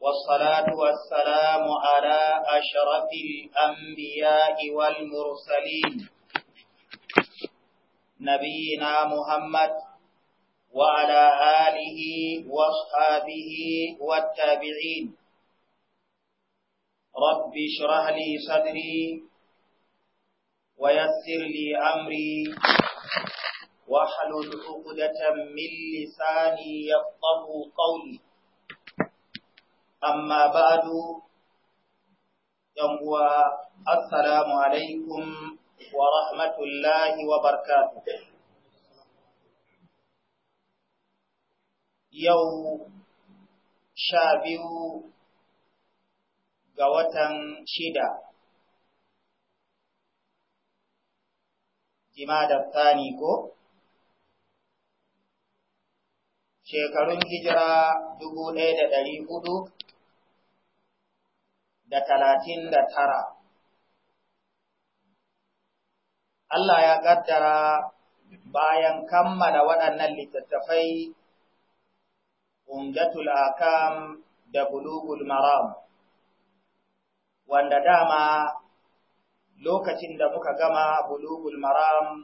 والصلاة والسلام على أشرف الأنبياء والمرسلين نبينا محمد وعلى آله واصحابه والتابعين رب اشرح لي صدري ويسر لي أمري واحلل عقدة من لساني يفقه قولي amma ba'du yan uwa assalamu alaikum wa rahmatullahi wa barakatuh yau sha biyu ga watan shida jimadar tsani ko shekarun hijira dubu ɗaya da ɗari hudu da talatin da tara. Allah ya ƙaddara bayan kammala waɗannan littattafai Umdatul Akam da Bulugul Maram, wanda dama lokacin da muka gama Bulugul Maram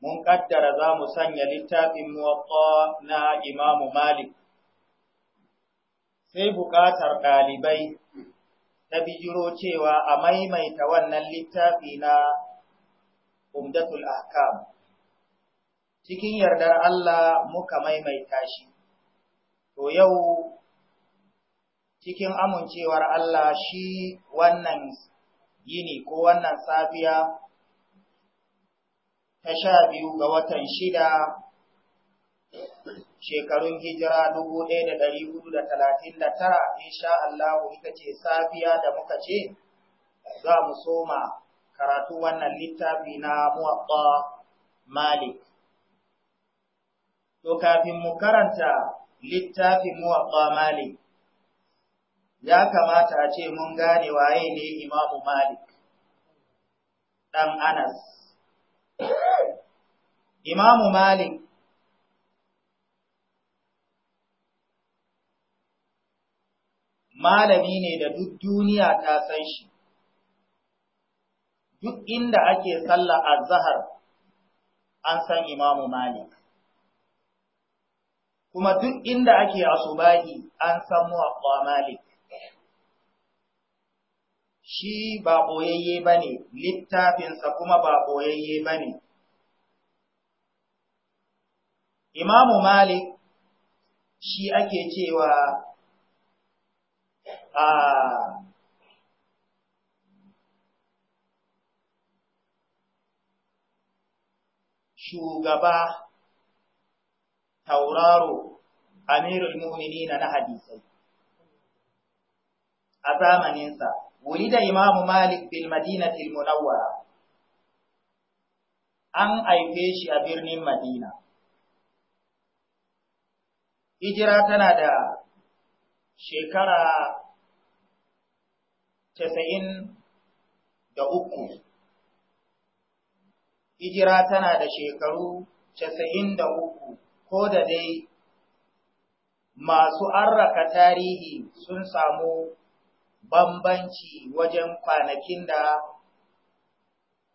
mun ƙaddara za mu sanya littafin muwatta na Imamu Malik. Sai buƙatar ɗalibai na bijiro cewa a maimaita wannan littafi na umdatul ahkam cikin yardar Allah muka maimaita shi to yau cikin amincewar Allah shi wannan yini ko wannan safiya ta sha biyu ga watan shida shekarun hijira 1439 insha Allah ita ce safiya da muka ce za mu soma karatu wannan littafi na muwaɓɓa Malik. To kafin mu karanta littafi muwaɓɓa Malik, ya kamata a ce mun gane waye ne Imamu Malik, ɗan Anas. Imamu Malik malami ne da duk duniya ta san shi duk inda ake sallah azhar an san imamu malik kuma duk inda ake asubahi an san muwaffa malik shi ba ɓoyayye ba ne littafinsa kuma ba ɓoyayye ba ne imamu malik shi ake cewa shugaba tauraro amirul mu'minina na hadisai a zamaninsa wulida imamu malik bil madinatil munawwara an haife shi a birnin madina hijira tana da shekara casa'in da uku hijira tana da shekaru casa'in da uku ko da dai masu arraka tarihi sun samu bambanci wajen kwanakin da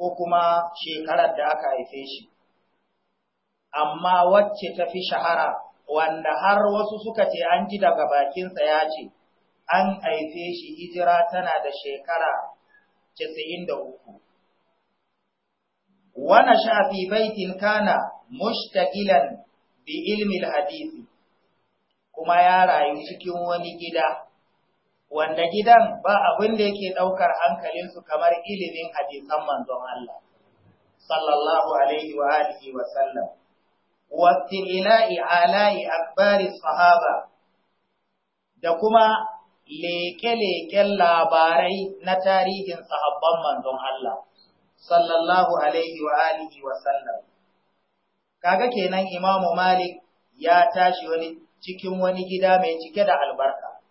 ko kuma shekarar da aka haife shi amma wacce tafi shahara wanda har wasu suka ce an ji daga bakinsa ya ce an haife shi hijira tana da shekara 93 wa sha fi baitin kana mushtagilan bi ilmi hadisi kuma ya rayu cikin wani gida wanda gidan ba abin da yake daukar hankalinsu kamar ilimin hadisan manzon Allah sallallahu alaihi wa alihi wa sallam wa tilai ala akbari sahaba da kuma leke-leken labarai na tarihin sahabban manzon Allah, sallallahu Alaihi wa alihi wa sallam. Kaga kenan Imamu Malik ya tashi wani cikin wani gida mai cike da albarka,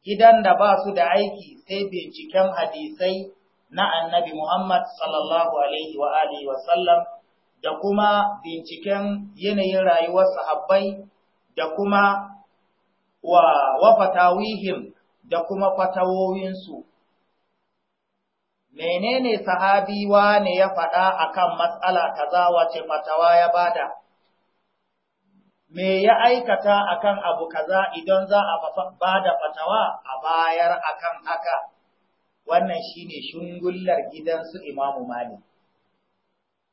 gidan da ba su da aiki sai binciken hadisai na annabi Muhammad sallallahu Alaihi wa alihi wa sallam da kuma binciken yanayin rayuwar sahabbai da kuma wa fatawihim da kuma fatawoyinsu. Menene sahabi ne ya faɗa akan matsala kaza wace fatawa ya bada? Me ya aikata akan abu kaza idan za a bada fatawa a bayar akan haka? Wannan shine shungullar gidansu Imamu mali.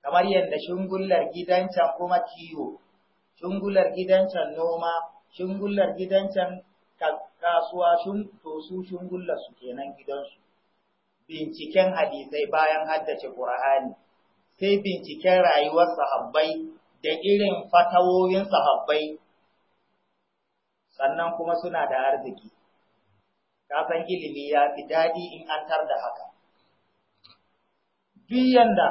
Kamar yadda shungullar can kuma kiwo, shungullar can noma, shungullar gidan can kasuwa shun to su shungullar su kenan gidansu binciken hadisai bayan haddace Qur'ani sai binciken rayuwar sahabbai da irin fatawoyin sahabbai sannan kuma suna da arziki ka san ilimi ya fi daɗi in an da haka duk yanda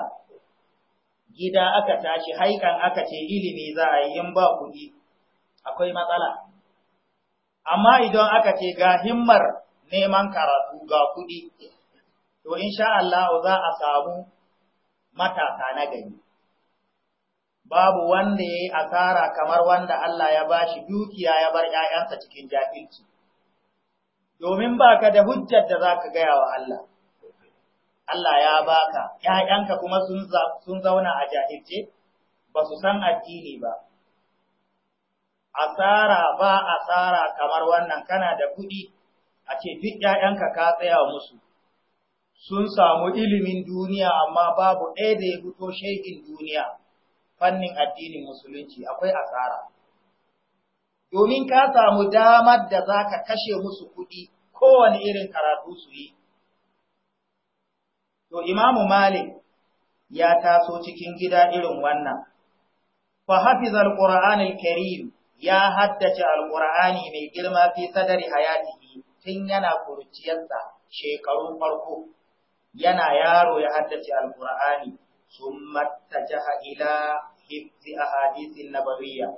gida aka tashi haikan aka ce ilimi za a yi in ba kuɗi akwai matsala amma idan aka ce ga himmar neman karatu ga kuɗi to insha Allah za a samu matasa na gari babu wanda ya yi asara kamar wanda Allah ya bashi dukiya ya bar ‘ya'yansa cikin jahilci, domin ba ka da hujjar da za ka gaya wa Allah. Allah ya baka, ‘ya'yanka kuma sun zauna a jahilce, ba su san addini ba, asara ba asara kamar wannan kana da kuɗi a ce duk ‘ya'yanka ka tsaya musu, sun samu ilimin duniya amma babu ɗaya da ya fito shaikin duniya fannin addinin musulunci akwai asara. Domin ka samu damar da za ka kashe musu kuɗi kowane irin karatu su yi. To, Imamu Malik ya taso cikin gida irin wannan, fa hafizar Ƙura'anil Karim ya haddace alƙur'ani mai girma fi sadari hayatihi tun yana kurciyarsa shekaru farko yana yaro ya haddace alƙur'ani summa jaha ila hifzi ahadisin nabawiyya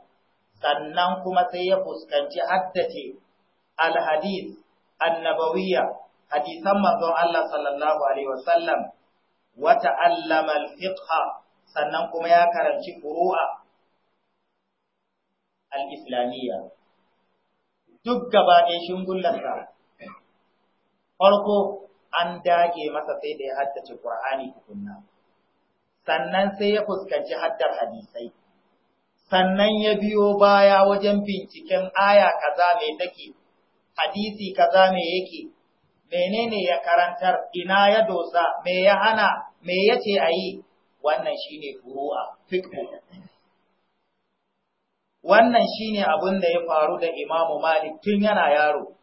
sannan kuma sai ya fuskanci haddace alhadis annabawiya hadisan manzon Allah sallallahu alaihi wasallam wata allama alfiqha sannan kuma ya karanci furu'a Al'islamiyya. duk gaba ɗaya shingullarsa farko an dage masa sai da ya haddace Kur'ani tukunna sannan sai ya fuskanci haddar hadisai sannan ya biyo baya wajen binciken aya kaza mai take hadisi kaza me yake menene ya karantar ina ya dosa me ya hana me a yi? wannan shine furu'a wannan shine abin da ya faru da Imamu Malik tun yana yaro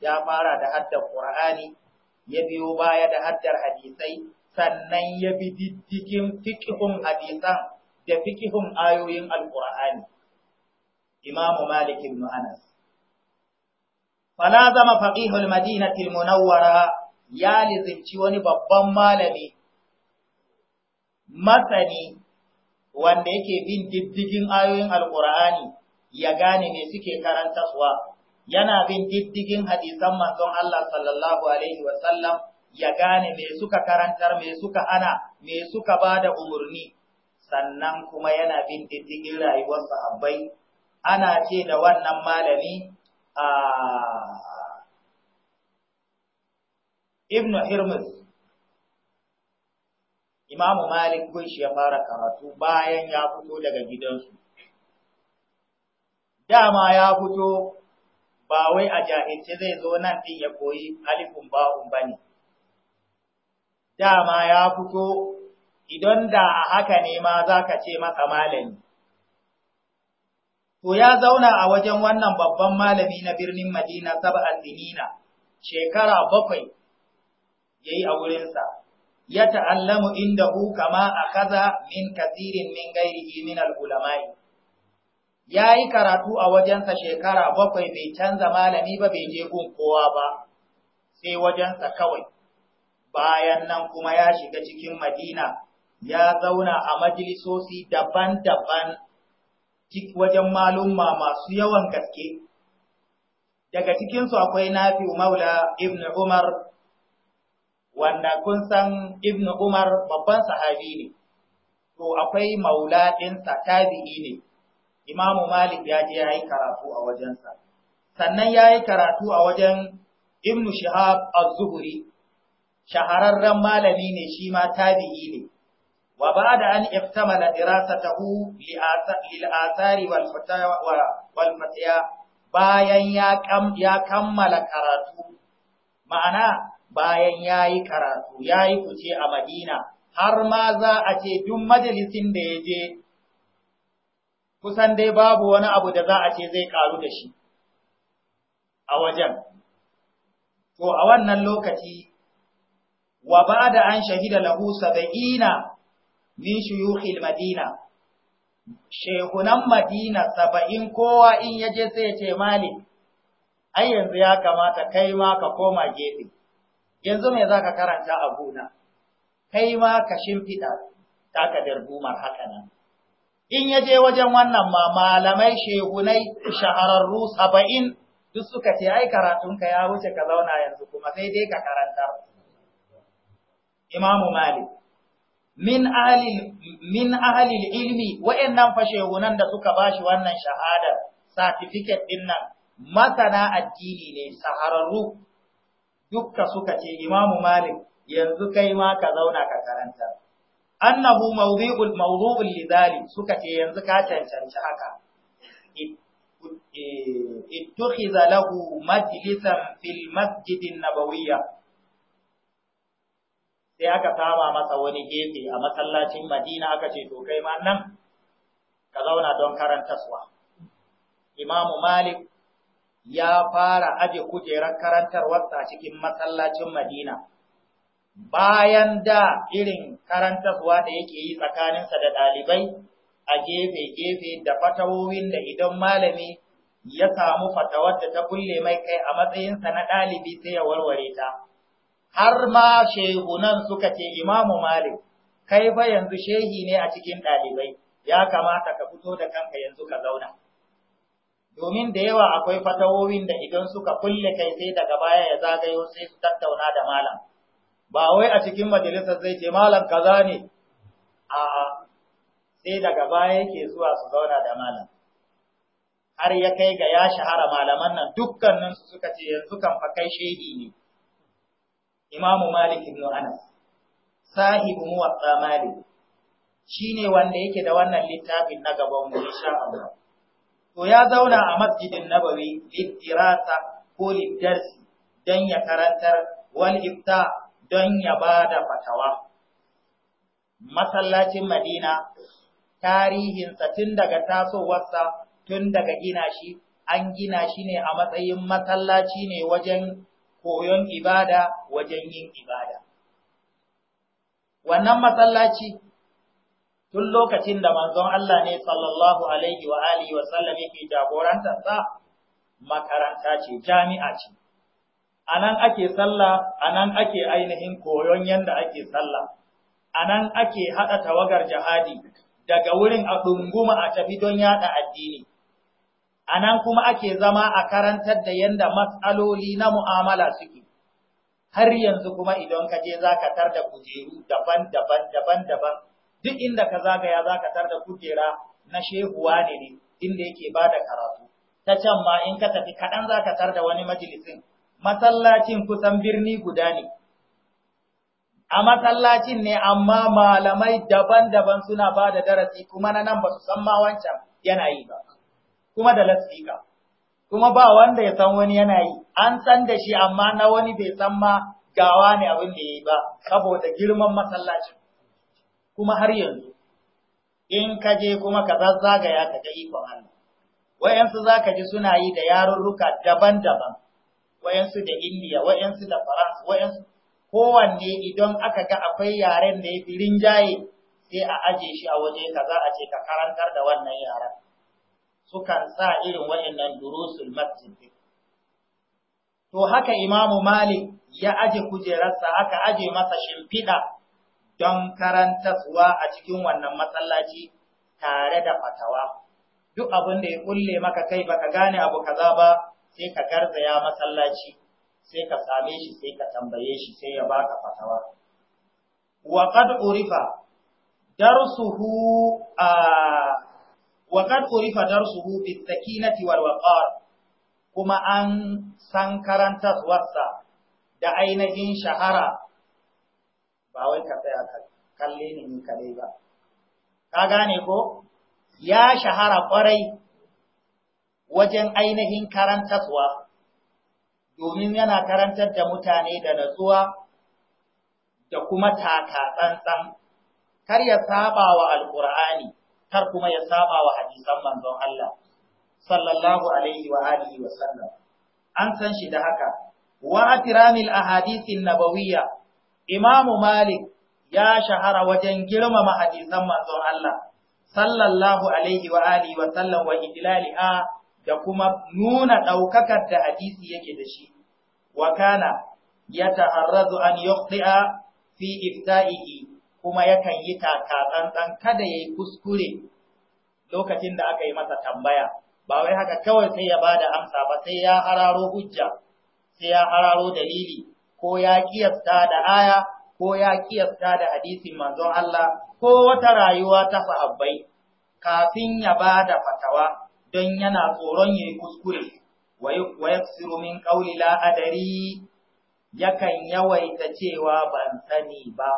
ya fara da haddar Qur'ani ya biyo baya da haddar hadisai sannan ya bi diddikin fiqhun hadisan da fiqhun ayoyin Al-Qur'ani Imamu Malik ibn Anas fala zama faqihul madinati al-munawwara ya lizinci wani babban malami masani wanda yake bin diddigin ayoyin alkur'ani ya gane me suke karantaswa yana bin diddigin hadisan manzon Allah sallallahu alaihi wa sallam ya gane me suka karantar me suka hana me suka bada umurni sannan kuma yana bin diddigin rayuwar sahabbai ana ce da wannan malami a ah, Ibn Hirmuz Imamu Malik gunshi ya fara karatu bayan ya fito daga gidansu. Dama ya fito ba wai a jahilce zai zo nan din ya koyi alifun ba'un ba ne. Dama ya fito idan da a haka ne ma za ka ce masa malami. To ya zauna a wajen wannan babban malami na birnin Madina saba'an sinina, shekara bakwai ya yi a wurinsa. ya ta'allamu hu kama akaza min kathirin min ghairihi min al-ulama'i yayi karatu a wajensa shekara bakwai bai canza malami ba bai je gun kowa ba sai wajensa kawai bayan nan kuma ya shiga cikin Madina ya zauna a majalisosi daban-daban wajen malumma masu yawan gaske daga cikinsu akwai Nafi'u Maula Ibn Umar wanda kun san Ibnu Umar babban sahabi ne, to akwai maula ɗinsa tabi'i ne, Imamu Malik ya je ya yi karatu a wajensa. Sannan ya yi karatu a wajen Ibnu Shihab az shahararren malami ne shi ma tabi'i ne, wa ba da an iftamala dirasatahu lil'asari wal fatiya bayan ya kammala karatu, ma'ana bayan ya yi karatu ya yi kuce a madina har ma za a ce duk majalisin da ya je kusan dai babu wani abu da za a ce zai karu da shi a wajen to a wannan lokaci wa ba da an shahida lahu saba'ina min shuyukhil madina shekunan madina saba'in kowa in yaje sai ya ce malik ai yanzu ya kamata kai ma ka koma gefe yanzu me za ka karanta a gona, kai ma ka shimfiɗa taka dargumar haka nan. In ya je wajen wannan ma malamai shehunai shahararru saba'in duk suka ce ai karatunka ya wuce ka zauna yanzu kuma sai dai ka karanta. Imamu Malik. Min ahalil, ilmi wa'yannan fa shehunan da suka ba shi wannan shahadar, satifiket ɗin nan, masana addini ne, shahararru dukka suka ce imamu malik yanzu kai ma ka zauna ka karanta annahu mawdu'ul mawdu'ul lidali suka ce yanzu ka cancanci haka ittukhiza lahu majlisan fil masjidin nabawiyya sai aka saba masa wani gefe a masallacin Madina aka ce to kai ma nan ka zauna don karantaswa Imam Malik ya fara aje kujerar karantarwarsa a cikin masallacin Madina. Bayan da irin karantarwa da yake yi tsakaninsa da ɗalibai a gefe-gefe da fatawowin da idan malami ya samu fatawar da ta kulle mai kai a matsayinsa na ɗalibi sai ya warware ta. Har ma shehu nan suka ce Imamu Malik, kai fa yanzu shehi ne a cikin ɗalibai, ya kamata ka fito da kanka yanzu ka zauna. domin da yawa akwai fatawowin da idan suka kulle kai sai daga baya ya zagayo sai su tattauna da malam ba wai a cikin majalisar zai ce malam kaza ne a sai daga baya yake zuwa su zauna da malam har ya kai ga ya shahara malaman nan dukkanin su suka ce yanzu kan fa kai shehi ne imamu malik ibn anas sahibu muwatta malik shine wanda yake da wannan littafin na gaban mu insha Allah to ya zauna a masjidin nabawi littirata ko littarsi don ya karantar wal ifta don ya ba da fatawa masallacin madina tarihinsa tun daga tasowarsa tun daga gina shi an gina shi ne a matsayin masallaci ne wajen koyon ibada wajen yin ibada wannan masallaci tun lokacin da manzon Allah ne sallallahu alaihi wa alihi wa sallam yake jagorantar sa makaranta ce jami'a ce anan ake sallah anan ake ainihin koyon yanda ake sallah anan ake haɗa tawagar jihadi daga wurin a dunguma a tafi don yada addini anan kuma ake zama a karantar da yanda matsaloli na mu'amala suke har yanzu kuma idan ka je zaka tar da kujeru daban-daban daban-daban duk inda ka zagaya za ka tar da kujera na shehuwa ne ne inda yake ba da karatu ta can ma in ka tafi kaɗan za ka tar da wani majalisin masallacin kusan birni guda ne a masallacin ne amma malamai daban-daban suna ba da darasi kuma na nan ba su san ma wancan yana yi ba kuma da lasfika kuma ba wanda ya san wani yana yi an san da shi amma na wani bai san ma gawa ne abin da ya yi ba saboda girman masallacin kuma har yanzu in ka je kuma ka zazzagaya ka ga ikon Allah wayansu zaka ji suna yi da yarurruka daban-daban wayansu da Indiya wayansu da France wayansu kowanne idan aka ga akwai yaren da ya fi rinjaye sai a aje shi a waje kaza a ce ka karantar da wannan yaren sukan sa irin wayannan durusul masjid to haka imamu malik ya aje kujerarsa aka aje masa shimfiɗa don karantarwa a cikin wannan matsalaci tare da fatawa. Duk abin da ya kulle maka kai baka gane abu kaza ba sai ka garzaya masallaci, sai ka same shi sai ka tambaye shi sai ya baka fatawa. Wa urifa darsuhu a wa urifa darsuhu bis sakinati wal waqar kuma an san karantarwarsa da ainihin shahara ba wai ka tsaya ka kalle ni ni kadai ba ka gane ko ya shahara kwarai wajen ainihin karantarwa domin yana karantar da mutane da natsuwa da kuma taka tsantsan kar ya saba wa alqur'ani kar kuma ya saba wa hadisan manzon Allah sallallahu alaihi wa alihi wa sallam an san shi da haka wa atiramil ahadithin nabawiyya Imamu Malik ya shahara wajen girmama hadisan manzon Allah, sallallahu Alaihi wa Alihi wa sallam wa da kuma nuna ɗaukakar da hadisi yake da shi, wa kana ya taharrazu an yukhti'a fi ifta'ihi kuma yakan yi dan kada yayi kuskure lokacin da aka yi masa tambaya, ba wai haka kawai sai ya bada amsa ba sai ya hararo hujja, sai ya hararo dalili. ko ya kiyasta da aya ko ya kiyasta da hadisin manzon Allah ko wata rayuwa ta sahabbai kafin ya ba da fatawa don yana tsoron ya yi kuskure wa yaksiru min qawli la adari yakan yawaita cewa ban sani ba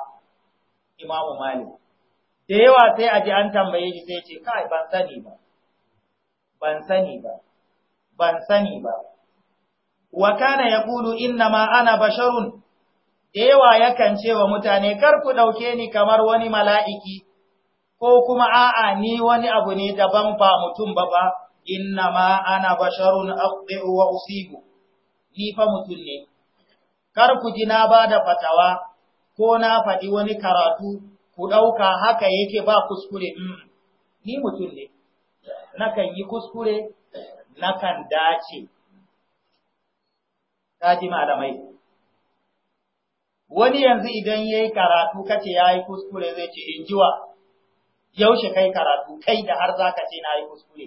Imam Malik da yawa sai a ji an tambaye shi sai ce kai ban sani ba ban sani ba ban sani ba wa kana yaqulu ma ana basharun Ewa, yakan ce wa mutane kar ku dauke ni kamar wani mala'iki ko kuma a'a ni wani abu ne daban ba mutum ba ba ma ana basharun wa usibu ni fa mutum ne kar ku ji na bada fatawa ko na faɗi wani karatu ku ɗauka haka yake ba kuskure mm, ni mutum ne nakan yi kuskure nakan dace kaji malamai wani yanzu idan yayi karatu kace yayi kuskure zai ce jiwa yaushe kai karatu kai da har zaka ce na yi kuskure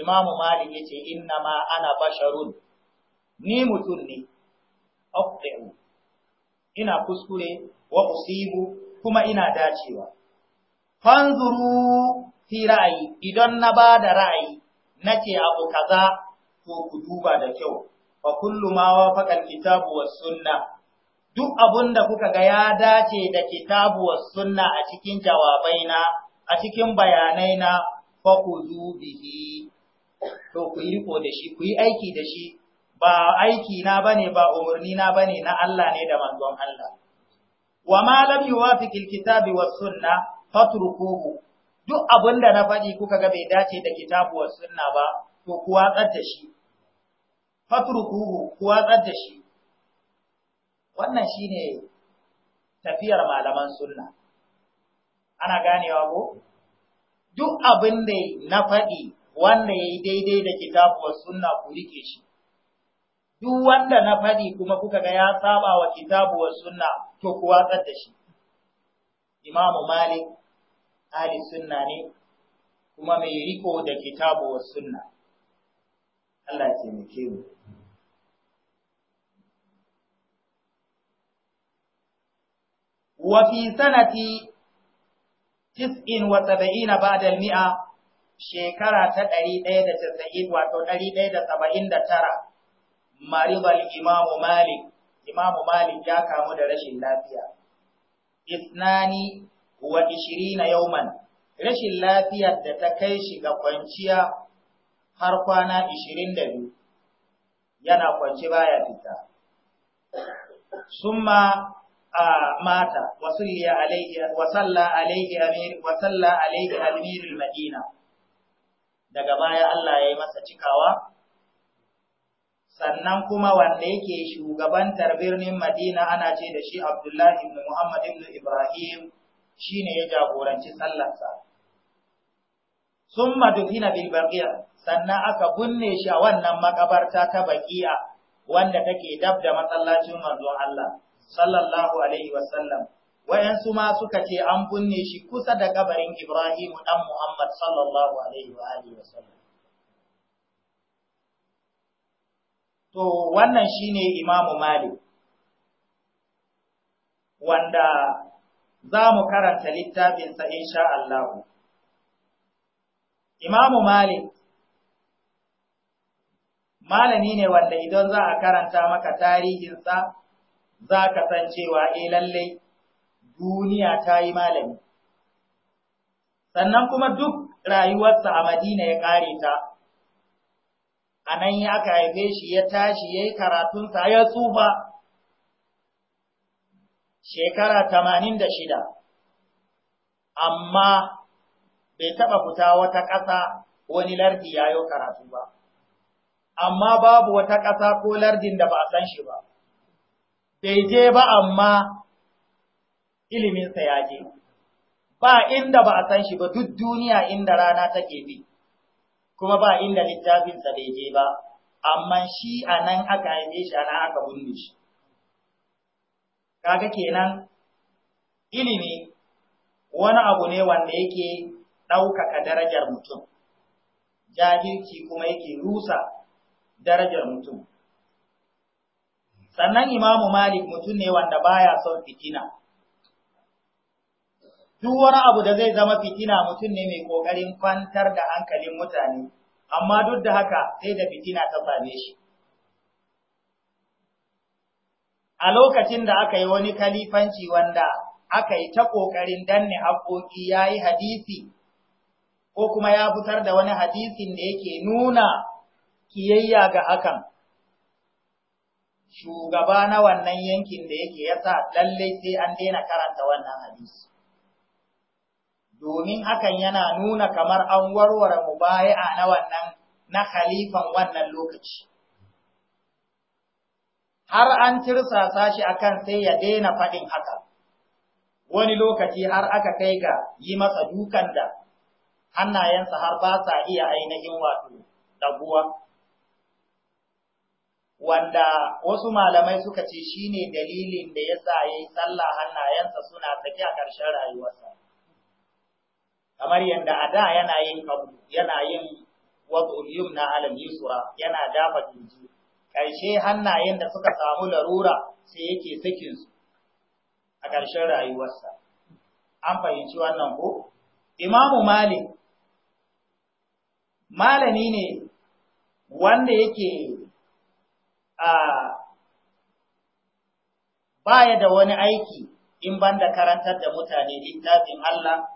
imamu malik yace inna ma ana basharun ni mutum ne aqta'u ina kuskure wa usibu kuma ina dacewa fanzuru fi ra'ayi idan na bada ra'ayi nace abu kaza to ku duba da kyau fa kullu ma wafaqa al-kitabu was sunnah duk abunda kuka ga ya dace da kitabu was sunnah a cikin jawabaina a cikin bayanaina fa khudhu bihi to ku yi riko da shi ku yi aiki da shi ba aiki na bane ba umurni na bane na Allah ne da manzon Allah wa ma lam yuwafiq al-kitabi was sunnah fatrukuhu duk abunda na faɗi kuka ga bai dace da kitabu was sunnah ba to ku watsar da shi fatrukuhu ku watsar da shi wannan shine tafiyar malaman sunna ana ganewa ko duk abin da na faɗi wanda yayi daidai da kitabu wa sunna ku rike shi duk wanda na faɗi kuma kuka ga ya saba wa kitabu wa sunna to ku watsar da shi imamu malik ahli sunna ne kuma mai riko da kitabu wa sunna Allah ya taimake mu وفي سنة تسع وسبعين بعد المئة شكرة تدري ديدة تسعين وتدري سبعين ترى مريض الإمام مالك إمام مالك يا مدرش اللافية اثنان وعشرين يوما رش اللافية تتكيش ta kai shi دبي ينا قوانش kwana 22 yana mata wa alaihi salla alaihi amir alaihi madina daga baya Allah ya yi masa cikawa sannan kuma wanda yake shugabantar birnin Madina ana ce da shi Abdullah ibn Muhammad ibn Ibrahim shine ya jagoranci sallarsa summa dufina bil baqiya sannan aka binne shi a wannan makabarta ta baqiya wanda take dab da masallacin manzon Allah sallallahu alaihi wasallam wayansu ma suka ce an kunne shi kusa da kabarin Ibrahim dan Muhammad sallallahu alaihi wa alihi wasallam to wannan shine Imam Malik wanda za mu karanta littafinsa insha Allah Imam Malik malami ne wanda idan za a karanta maka tarihinsa za ka san cewa eh lallai duniya ta yi malami sannan kuma duk rayuwarsa a madina ya ƙare ta a nan ya aka haife shi ya tashi ya yi karatunsa ya tsufa shekara tamanin da shida amma bai taɓa fita wata ƙasa wani lardi ya yi karatu ba amma babu wata ƙasa ko lardin da ba a san shi ba bai je ba amma iliminsa ya je, ba inda ba a san shi ba duk duniya inda rana take bi, kuma ba inda littafinsa bai je ba, amma shi a nan aka haife shi a nan aka bunne shi. Kaga kenan ilimi wani abu ne wanda yake ɗaukaka darajar mutum, jahilci kuma yake rusa darajar mutum. sannan imamu malik mutum ne wanda baya son fitina duk wani abu da zai zama fitina mutum ne mai ƙoƙarin kwantar da hankalin mutane amma duk da haka sai da fitina ta same shi a lokacin da aka yi wani kalifanci wanda aka yi ta ƙoƙarin danne haƙoƙi ya yi hadisi ko kuma ya fitar da wani hadisin da yake nuna kiyayya ga hakan shugaba na wannan yankin da yake sa lallai sai an daina karanta wannan hadisi domin hakan yana nuna kamar an warware mu mubaya'a na wannan na khalifan wannan lokaci har an tirsasa shi akan sai ya daina faɗin haka wani lokaci har aka kai ga yi masa dukan da hannayensa har ba sa iya ainihin wato ɗaguwa wanda wasu malamai suka ce shi ne dalilin da ya sa ya yi sallah hannayensa suna tsaki a ƙarshen rayuwarsa. Kamar yadda a da yana yin abu, yana yin wasu yum na alam yusura yana dafa jinji. Ƙarshe hannayen da suka samu larura sai yake sakinsu a ƙarshen rayuwarsa. An fahimci wannan ko? Imamu Malik, malami ne wanda yake baya da wani aiki in banda karantar da mutane littafin Allah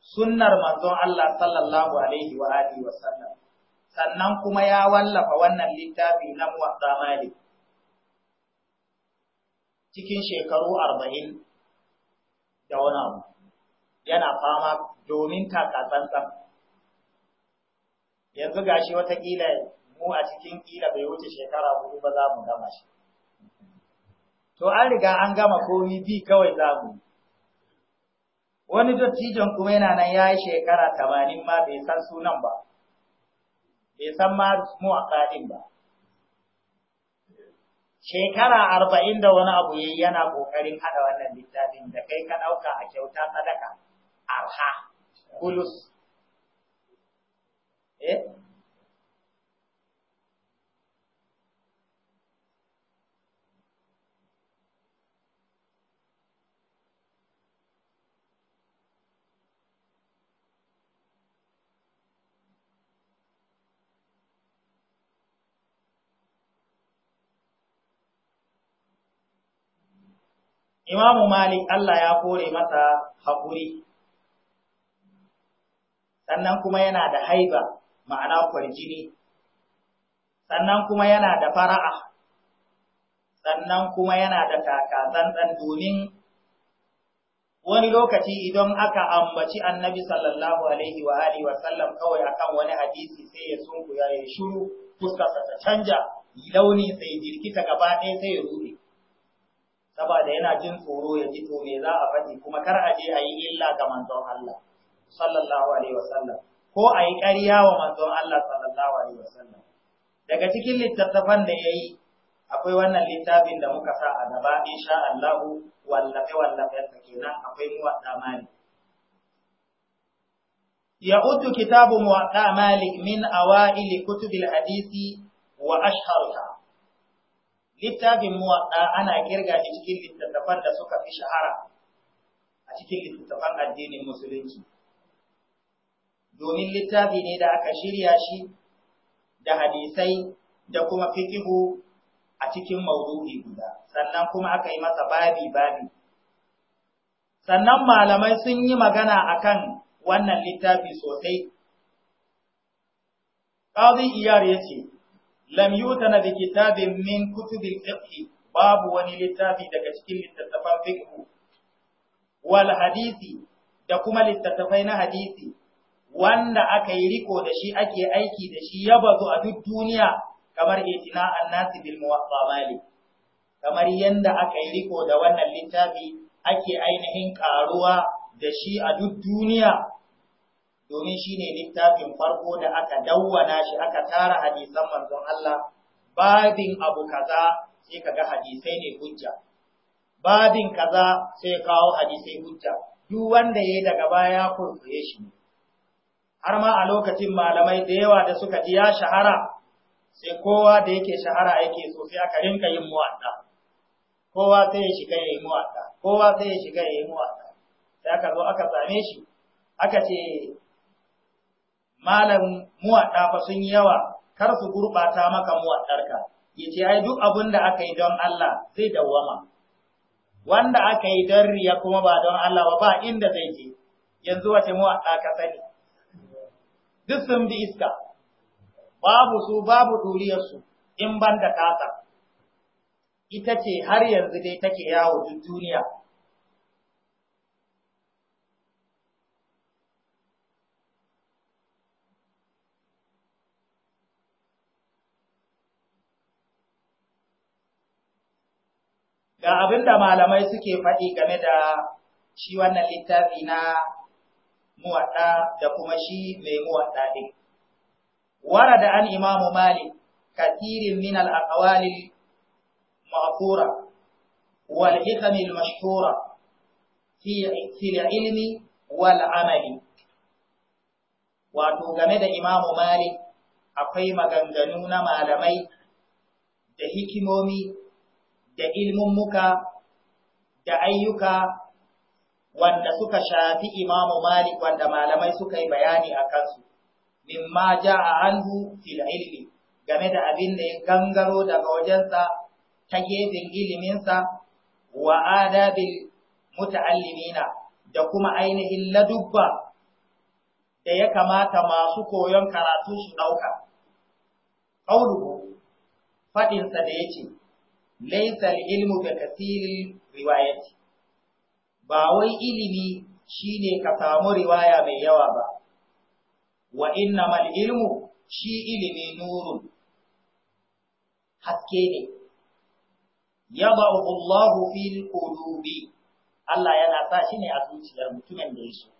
sunnar manzon Allah sallallahu alaihi wa alihi wa sallam sannan kuma ya wallafa wannan littafi na Muwatta Malik cikin shekaru 40 da wani abu yana fama domin takatsantsan yanzu gashi watakila mu a cikin ƙila bai wuce shekara hudu ba za mu gama shi to an riga an gama komi bi kawai za mu yi. wani dattijon kuma yana nan ya yi shekara tamanin ma bai san sunan ba bai san ma mu a kadin ba shekara arba'in da wani abu yi yana kokarin haɗa wannan littafin da kai ka ɗauka a kyauta sadaka arha kulus. eh Imamu Malik Allah ya kore masa haƙuri, sannan kuma yana da haiba ma'ana kwarjini, sannan kuma yana da fara'a, sannan kuma yana da takazantsan domin wani lokaci idan aka ambaci annabi sallallahu alaihi wa alihi wa sallam kawai akan wani hadisi sai ya sunku ya yi shuru fuskarsa ta canja launi sai jirkita gaba ɗaya sai ya rufe saboda yana jin tsoro ya ji to me za a faɗi kuma kar a je a yi illa ga manzon Allah sallallahu alaihi wasallam ko a yi ƙarya wa manzon Allah sallallahu alaihi wasallam daga cikin littattafan da yayi akwai wannan littafin da muka sa a gaba insha Allah wallafe wallafe ta kenan akwai muwadda mali يعد كتاب موقع مالك من أوائل كتب الحديث وأشهرها littafin muwaɗa ana kirga shi cikin littattafan da suka fi shahara a cikin littattafan addinin musulunci domin littafi ne da aka shirya shi da hadisai da kuma fikihu a cikin maududi guda sannan kuma aka yi masa babi-babi sannan malamai sun yi magana akan wannan littafi sosai ƙazi iyar ya ce lam yutana bi kitabin min kutubil fiqh babu wani littafi daga cikin littattafan fiqh wal hadisi da kuma littattafai na hadisi wanda aka yi riko da shi ake aiki da shi ya bazu a duk duniya kamar itina annasi bil muwatta kamar yanda aka yi riko da wannan littafi ake ainihin karuwa da shi a duk duniya domin shi ne littafin farko da aka dawwana shi aka tara hadisan manzon Allah babin abu kaza sai kaga hadisai ne hujja babin kaza sai kawo hadisai hujja duk wanda yayi daga baya kurkure shi ne har ma a lokacin malamai da yawa da suka ji ya shahara sai kowa da yake shahara yake so sai aka rinka yin muwadda kowa sai ya shiga ya yi muwadda kowa sai ya shiga ya yi muwadda sai aka zo aka same shi aka ce malam muwadda fa sun yi yawa kar su gurɓata maka muwaddarka yace ai duk abin da aka yi don Allah zai dawwama wanda aka yi don riya kuma ba don Allah ba ba inda zai je yanzu wace muwadda ka sani duk sun bi iska babu su babu duriyarsu in banda tasa ita ce har yanzu dai take yawo duk duniya ga abin da malamai suke faɗi game da shi wannan littafi na muwaɗa da kuma shi mai muwaɗa ɗin. da an imamu Malik, kathirin min al'akawalin ma'afura, wal hikamil mashtura, fil ilmi wal amali. Wato game da imamu Malik akwai maganganu na malamai da hikimomi da ilmummuka da ayyuka wanda suka shafi imamu malik wanda malamai suka yi bayani a kansu mimma a anhu fil ilmi game da abin da ya gangaro daga wajensa ta gefen iliminsa wa adabil muta'allimina da kuma ainihin ladubba da ya kamata masu koyon karatu su ɗauka. Audu faɗinsa da ya ce, laisa ilmu da kasirin riwayati ba wai ilimi shine ka samu riwaya mai yawa ba wa mal ilmu shi ilimi nurun haske ne ba Allahu fi qulubi Allah yana sa shi ne a zuciyar mutumin da yake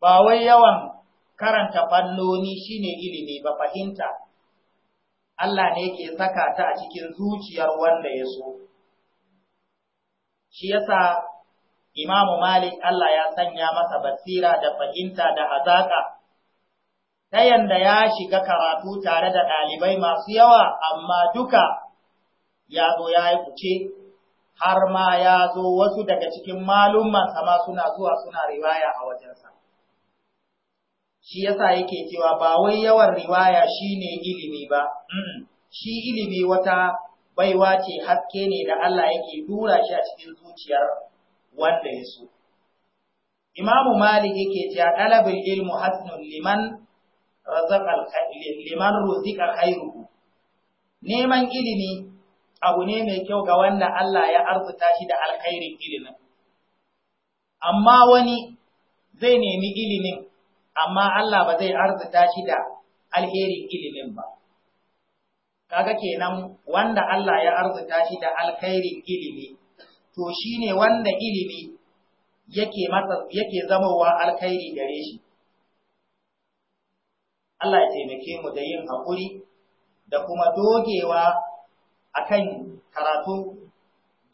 ba wai yawan karanta fannoni shine ilimi ba fahimta Allah ne ke saka ta a cikin zuciyar wanda ya so. Shi yasa Imamu Malik Allah ya sanya masa basira da fahimta da hazaƙa, ta yanda ya shiga karatu tare da ɗalibai masu yawa amma duka ya zo ya yi kuce, har ma ya zo wasu daga cikin malumman sama suna zuwa suna riwaya a wajensa. shi yasa yake cewa ba wai yawan riwaya shine ilimi ba shi ilimi wata baiwa ce haske ne da Allah yake dura shi a cikin zuciyar wanda ya so Imamu Malik yake cewa talabul ilmu hasnun liman razaqal liman ruziqal khairu neman ilimi abu ne mai kyau ga wanda Allah ya arzuta shi da alkhairin ilimin amma wani zai nemi ilimin amma Allah ba zai arzuta shi da alherin ilimin ba. Kaga kenan wanda Allah ya arzuta shi da alkhairin ilimi, to shi ne wanda ilimi yake zamowa alkhairi gare shi. Allah ya taimake mu da yin haƙuri da kuma dogewa a kan karatu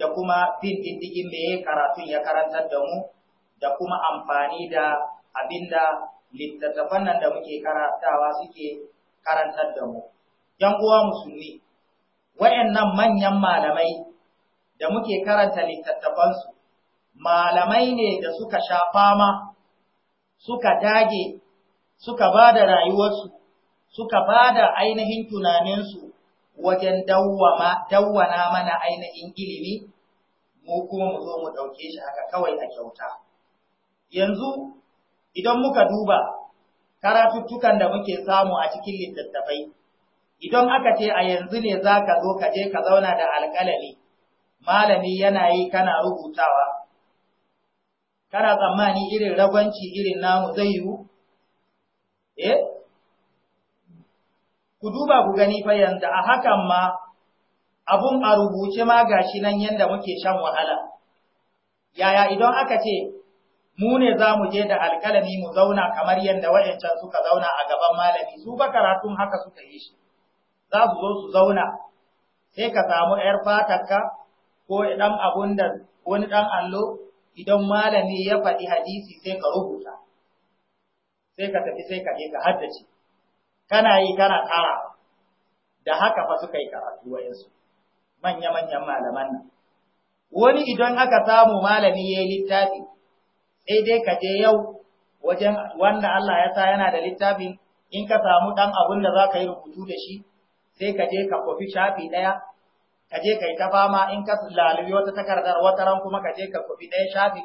da kuma bin diddigin mai karatun ya karantar da mu da kuma amfani da abinda littattafan nan da muke karantawa suke karantar da mu. ‘Yan uwa musulmi, wayannan manyan malamai da muke karanta littattafansu, malamai ne da suka sha fama, suka dage, suka ba da rayuwarsu, suka ba da ainihin tunaninsu wajen dawwana mana ainihin ilimi, mu kuma mu zo mu ɗauke shi haka kawai a kyauta. Yanzu idan muka duba karatuttukan da muke samu a cikin littattafai idan aka ce a yanzu ne za ka zo ka je ka zauna da alƙalami malami yana yi kana rubutawa kana tsammani irin ragwanci irin namu zai yiwu eh ku duba ku gani fa yanzu a hakan ma abun a rubuce ma gashi nan yanda muke shan wahala yaya idan aka ce mu ne za mu je da alƙalami mu zauna kamar yadda wa'yancan suka zauna a gaban malami su ba karatun haka suka yi shi za su zo su zauna sai ka samu ‘yar fatarka ko ɗan abun da wani ɗan allo idan malami ya faɗi hadisi sai ka rubuta sai ka tafi sai ka je ka haddace kana yi kana tara da haka fa suka yi karatu wa'yansu manya-manyan malaman nan wani idan aka samu malami ya yi littafi sai dai ka je yau wajen wanda Allah ya sa yana da littafi, in ka samu ɗan abun da za ka yi rubutu da shi sai ka je ka kofi shafi ɗaya ka je ka yi ta fama in ka lalubi wata takardar wata ran kuma ka je ka kofi ɗaya shafi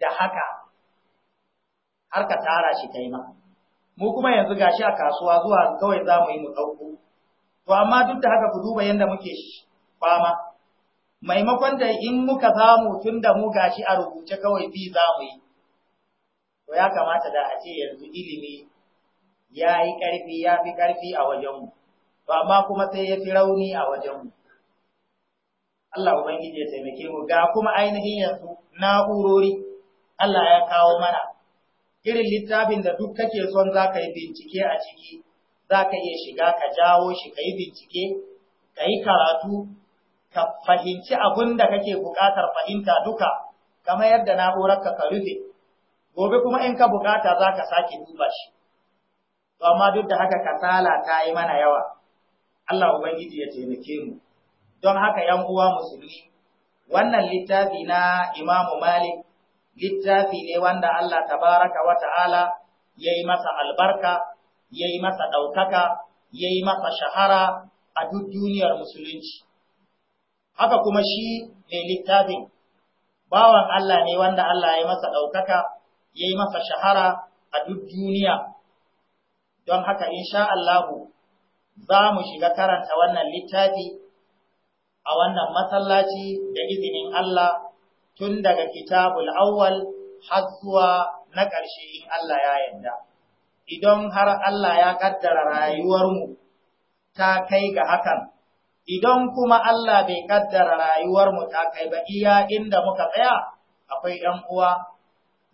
da haka har ka tara shi kai ma mu kuma yanzu gashi a kasuwa zuwa kawai zamu yi mu ɗauko to amma duk da haka ku duba yadda muke fama maimakon da in muka samu tun da mu gashi a rubuce kawai bi za mu yi to ya kamata da a ce yanzu ilimi ya yi ƙarfi ya fi ƙarfi a wajenmu to amma kuma sai ya fi rauni a wajenmu Allah Ubangiji ya taimake mu ga kuma ainihin yanzu na'urori Allah ya kawo mana irin littafin da duk kake son za ka yi bincike a ciki za ka iya shiga ka jawo shi ka yi bincike ka yi karatu ka fahimci abin da kake buƙatar fahimta duka kamar yadda na'urar ka rufe gobe kuma in ka buƙata za ka sake duba shi to amma duk da haka kasala ta yi mana yawa Allah ubangiji ya taimake mu don haka yan uwa musulmi wannan littafi na imamu Malik littafi ne wanda Allah Ta tabaraka wa ta'ala yi masa albarka ya yi masa ɗaukaka yi masa shahara a duk duniyar musulunci haka kuma shi mai littafin bawan Allah ne wanda Allah ya masa ɗaukaka ya yi masa shahara a duk duniya don haka sha Allahu za mu shiga karanta wannan littafi a wannan masallaci da izinin Allah tun daga kitabul awwal har zuwa na ƙarshe in Allah ya yarda idan har Allah ya kaddara rayuwarmu ta kai ga hakan idan kuma Allah bai kaddara rayuwar mu ta kai ba iya inda muka tsaya akwai ɗan uwa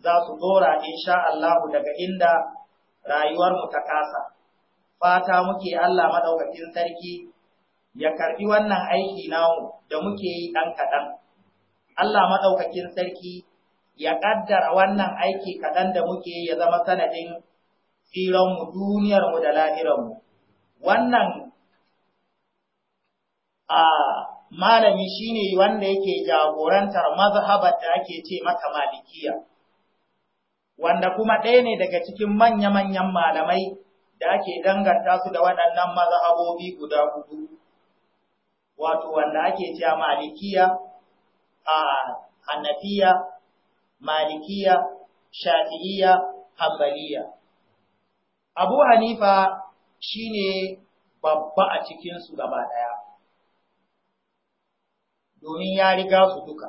za su dora insha Allah daga inda rayuwar mu ta kasa fata muke Allah madaukakin sarki ya karbi wannan aiki namu da muke yi dan kadan Allah madaukakin sarki ya kaddara wannan aiki kadan da muke ya zama sanadin tsiron mu duniyar mu da lahirar mu wannan a malami shine wanda yake jagorantar mazhabar da ake ce mata malikiya wanda kuma ɗaya ne daga cikin manya-manyan malamai da ake danganta su da waɗannan mazhabobi guda hudu wato wanda ake cewa malikiya a hanafiya malikiya shafi'iya hambaliya abu hanifa shine babba a cikinsu gaba ɗaya domin ya riga su duka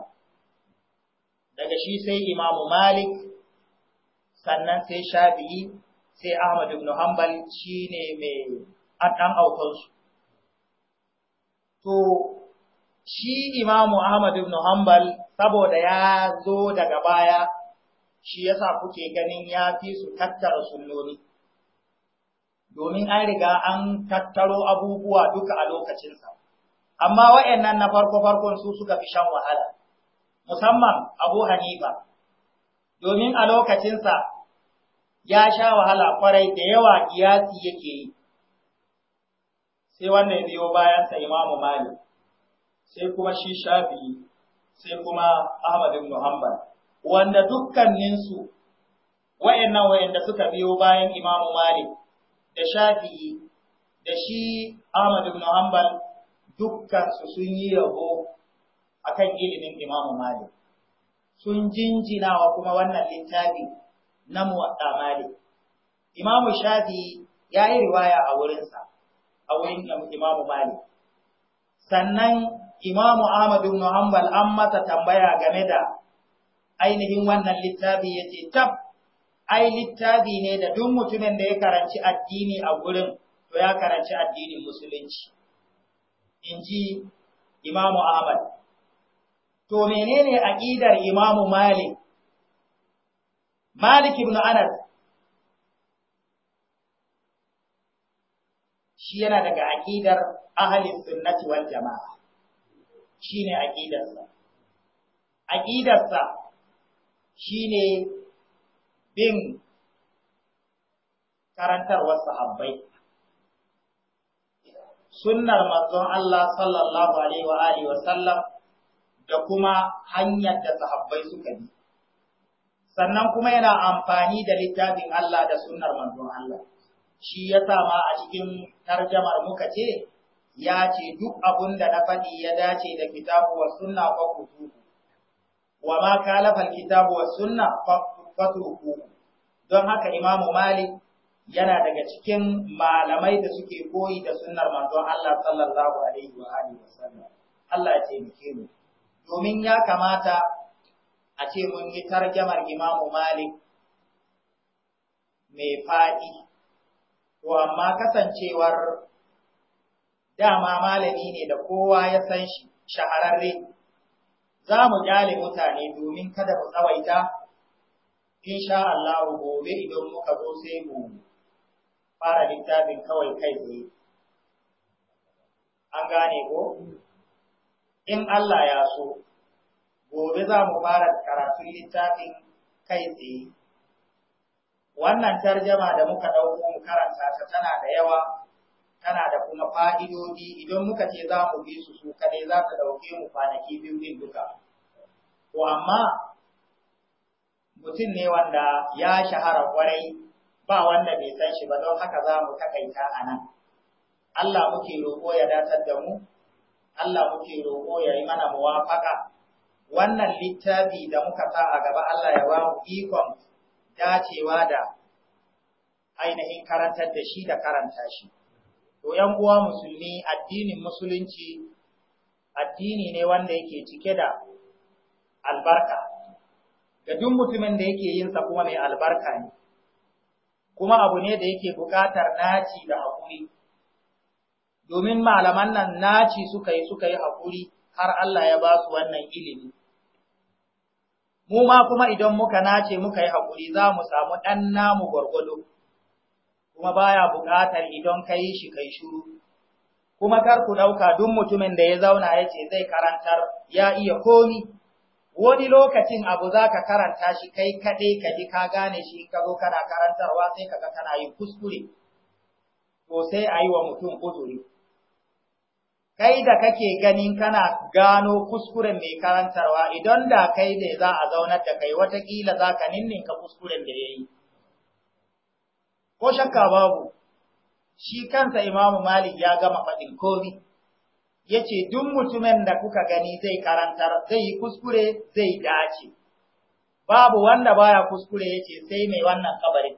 daga shi sai imamu malik sannan sai shafi'i sai ahmad ibn hanbal shine mai ɗan su. to shi imamu ahmad ibn hanbal saboda ya zo daga baya shi yasa kuke ganin ya fi su tattara sunnoni domin an riga an tattaro abubuwa duka a lokacinsa amma wa'annan na farko farkon su suka fi shan wahala musamman Abu Hanifa domin a lokacinsa ya sha wahala kwarai da yawa kiyasi yake yi sai wanda ya biyo bayansa Imam Malik sai kuma shi shafi, sai kuma Ahmad Muhammad. wanda dukkaninsu wa'annan wa'anda suka biyo bayan Imam Malik da shafi da shi Ahmad ibn dukkansu sun yi rabo akan ilimin imamu malik sun jinjinawa kuma wannan littafi na muwatta malik imamu shafi ya yi riwaya a wurinsa a wurin imamu malik sannan imamu ahmad ibn hanbal an masa tambaya game da ainihin wannan littafi ya ce tab ai littafi ne da duk mutumin da ya karanci addini a gurin to ya karanci addinin musulunci in ji imamu Ahmad. To menene aƙidar imamu Malik? Malik ibn Anas shi yana daga aƙidar ahalin sunnati wal jama'a shi ne aƙidarsa. Aƙidarsa shi ne bin karantarwar sahabbai. sunnar manzon Allah sallallahu alaihi wa Alaihi wa sallam da kuma hanyar da sahabbai suka bi sannan kuma yana amfani da littafin Allah da sunnar manzon Allah shi yasa ma a cikin tarjamar muka ce ya ce duk abun da na faɗi ya dace da kitabu wa sunna fa wa ma kalafar kitabu wa sunna fa don haka imamu malik yana daga cikin malamai da suke koyi da sunnar manzon Allah sallallahu alaihi wa alihi wasallam Allah ya taimake mu domin ya kamata a ce mun yi tarjamar Imam Malik mai fadi to amma kasancewar dama malami ne da kowa ya san shi shahararre za mu kyale mutane domin kada mu tsawaita insha Allah gobe idan muka zo sai mu fara littafin kawai kai tsaye an gane ko in Allah ya so gobe za mu fara karatu littafin kai tsaye wannan tarjama da muka ɗauko mu karanta ta tana da yawa tana da kuma fa'idodi idan muka ce za mu bi su su kadai za ta ɗauke mu kwanaki biyu din duka to amma mutum ne wanda ya shahara kwarai ba wanda bai san shi ba don haka za mu takaita a nan. Allah muke roƙo ya datar da mu, Allah muke roƙo ya yi mana muwafaka. Wannan littafi da muka sa a gaba Allah ya ba mu ikon dacewa da ainihin karantar da shi da karanta shi. To ‘yan uwa musulmi addinin musulunci addini ne wanda yake cike da albarka, ga duk mutumin da yake yinsa kuma mai albarka ne. kuma abu ne da yake buƙatar naci da hakuri. domin malaman nan naci suka yi suka yi hakuri, har Allah ya ba su wannan ilimi mu ma kuma idan muka nace muka yi haƙuri za mu samu ɗan namu gwargwado kuma baya buƙatar idan ka shi kai shuru kuma kar ku ɗauka duk mutumin da ya zauna ya ce zai karantar ya iya komi wani lokacin abu za ka karanta shi kai kaɗai ka ji ka gane shi ka zo kana karantarwa sai ka ga kana yi kuskure ko sai a yi wa mutum uzuri kai da kake ganin kana gano kuskuren mai karantarwa idan da kai ne za a zaunar da kai watakila za ka ninninka kuskuren da ya yi ko shakka babu shi kansa imamu malik ya gama faɗin komi yace duk mutumin da kuka gani zai karantar zai yi kuskure zai dace babu wanda baya kuskure yace sai mai wannan kabarin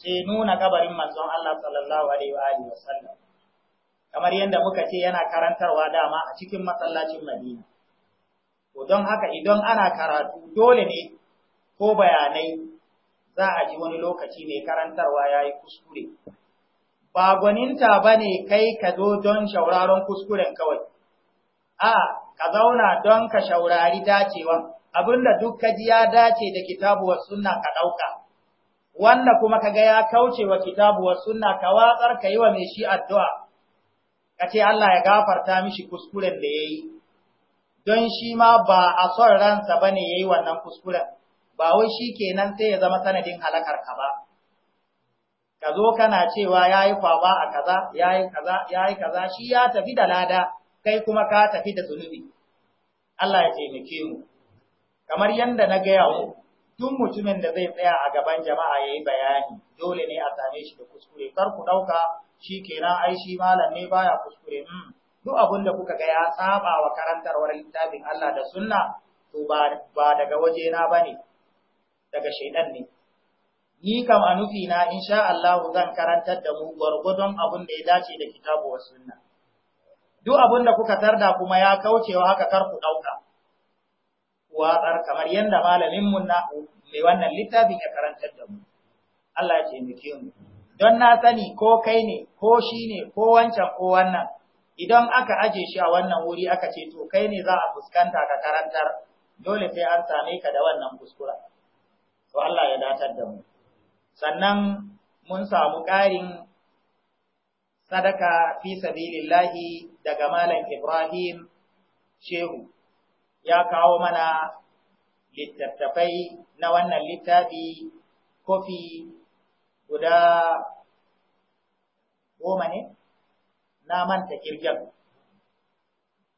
sai nuna kabarin manzon Allah sallallahu alaihi wa alihi wasallam kamar yadda muka ce yana karantarwa dama a cikin masallacin Madina to don haka idan ana karatu dole ne ko bayanai za a ji wani lokaci mai karantarwa yayi kuskure ba gwaninta ba ne kai ka zo don shauraron kuskuren kawai, a ka zauna don ka shaurari dacewa, abinda duk ka ji ya dace da kitabuwar suna ka ɗauka, wanda kuma ka ga ya kauce wa kitabuwar suna ka watsar ka yi wa mai shi addu'a, ka ce Allah ya gafarta mishi kuskuren da ya yi, don shi ma ba a son ransa ba ne ya yi wannan kuskuren, ba wai shi kenan sai ya zama sanadin halakar ka ba. ka zo kana cewa ya yi kwaba a kaza ya yi kaza ya yi kaza shi ya tafi da lada kai kuma ka tafi da zunubi Allah ya taimake mu kamar yadda na gaya mu tun mutumin da zai tsaya a gaban jama'a ya yi bayani dole ne a same shi da kuskure kar ku ɗauka shi kenan ai shi malam ne baya kuskure hmm, duk abin da kuka ga ya saba wa karantarwar littafin Allah da sunna to ba daga wajena ba ne daga shaidan ne ni kam a nufina insha Allah zan karantar da mu gwargwadon abin da ya dace da kitabu wa sunna duk abin da kuka tarda kuma ya kaucewa haka kar ku ɗauka. watsar kamar yadda malamin mu na mai wannan littafin ya karantar da mu Allah ya taimake mu don na sani ko kai ne ko shi ne ko wancan ko wannan idan aka aje shi a wannan wuri aka ce to kai ne za a fuskanta ka karantar dole sai an same ka da wannan kuskura to Allah ya datar da mu sannan mun samu ƙarin sadaka fi sabilillahi daga Malam Ibrahim Shehu ya kawo mana littattafai na wannan littafi kofi guda goma ne na manta kirgin.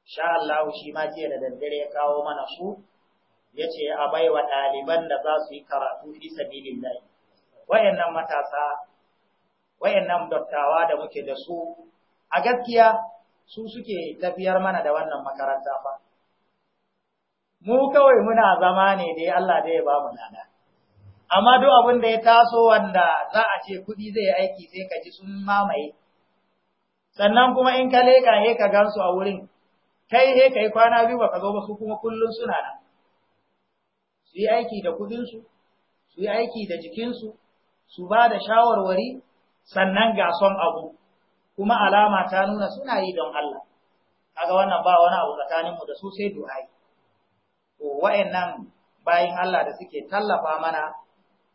Sha Allah shi ma jiya da daddare ya kawo mana su ya ce a baiwa ɗaliban da za su yi karatu fi sabilillahi. wayannan matasa wayannan dattawa da muke da su a gaskiya su suke tafiyar mana da wannan makaranta fa mu kawai muna zama ne dai Allah da ya ba mu lada amma duk abin da ya taso wanda za a ce kuɗi zai aiki sai ka ji sun mamaye sannan kuma in ka leka he ka gansu a wurin kai he kai kwana biyu baka zo ba su kuma kullun suna nan su yi aiki da kuɗinsu su yi aiki da jikin su su ba da shawarwari sannan ga son abu kuma alama ta nuna suna yi don Allah kaga wannan ba wani abu tsakanin mu da su sai du'ai to wa'annan bayin Allah da suke tallafa mana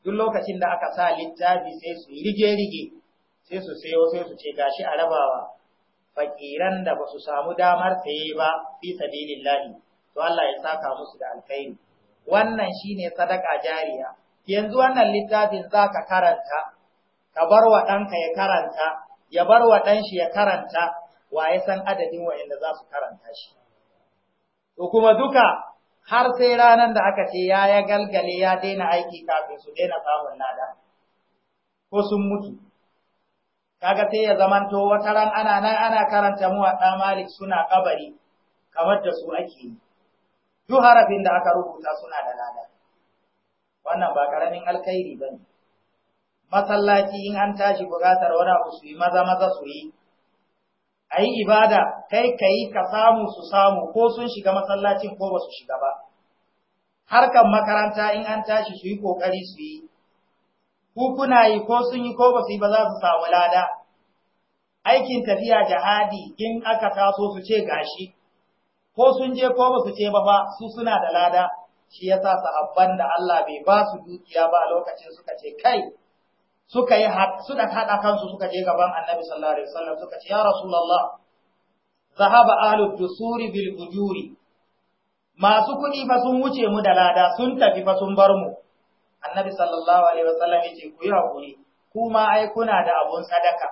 duk lokacin da aka sa littafi sai su rige rige sai su sayo sai su ce gashi a rabawa fakiran da ba su samu damar saye ba fi sabilillahi to Allah ya saka musu da alkhairi wannan shine sadaka jariya yanzu wannan littafin za ka karanta, ka bar wa ɗanka ya karanta, ya bar wa ɗanshi ya karanta, wa ya san adadin wa'inda za su karanta shi. To kuma duka har sai ranar da aka ce ya ya galgale ya daina aiki kafin su daina samun lada, ko sun mutu. Kaga sai ya zamanto wata ran ana nan ana karanta muwaɗa Malik suna kabari, kamar da su ake yi. Duk harafin da aka rubuta suna da lada. wannan ba karamin alkhairi ba ne masallaci in an tashi buƙatar wani abu su yi maza maza su yi a yi ibada kai ka yi ka samu su samu ko sun shiga masallacin ko ba su shiga ba harkar makaranta in an tashi su yi ƙoƙari su yi kuna yi ko sun yi ko ba su yi ba za su samu lada aikin tafiya jihadi in aka taso su ce gashi ko sun je ko ba su ce ba fa su suna da lada shi ya sa sahabban da Allah bai ba su dukiya ba a lokacin suka ce kai suka yi suka hada kansu suka je gaban Annabi sallallahu alaihi wasallam suka ce ya Rasulullah zahaba ahlud dusuri bil ujuri masu kuɗi fa sun wuce mu da lada sun tafi fa sun bar mu Annabi sallallahu alaihi wasallam yace ku yi hakuri kuma ai kuna da abun sadaka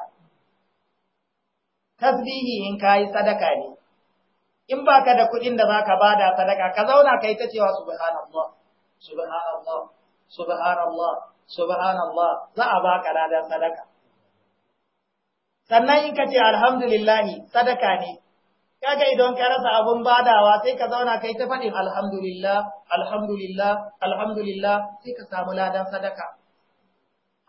tasbihi in kai sadaka ne in ba ka da kuɗin da za ka ba da sadaka ka zauna kai yi ta cewa subhanallah subhanallah subhanallah subhanallah za a baka da sadaka sannan in ka ce alhamdulillah sadaka ne kaga idan ka rasa abun badawa sai ka zauna kai ta faɗin alhamdulillah alhamdulillah alhamdulillah sai ka samu ladan sadaka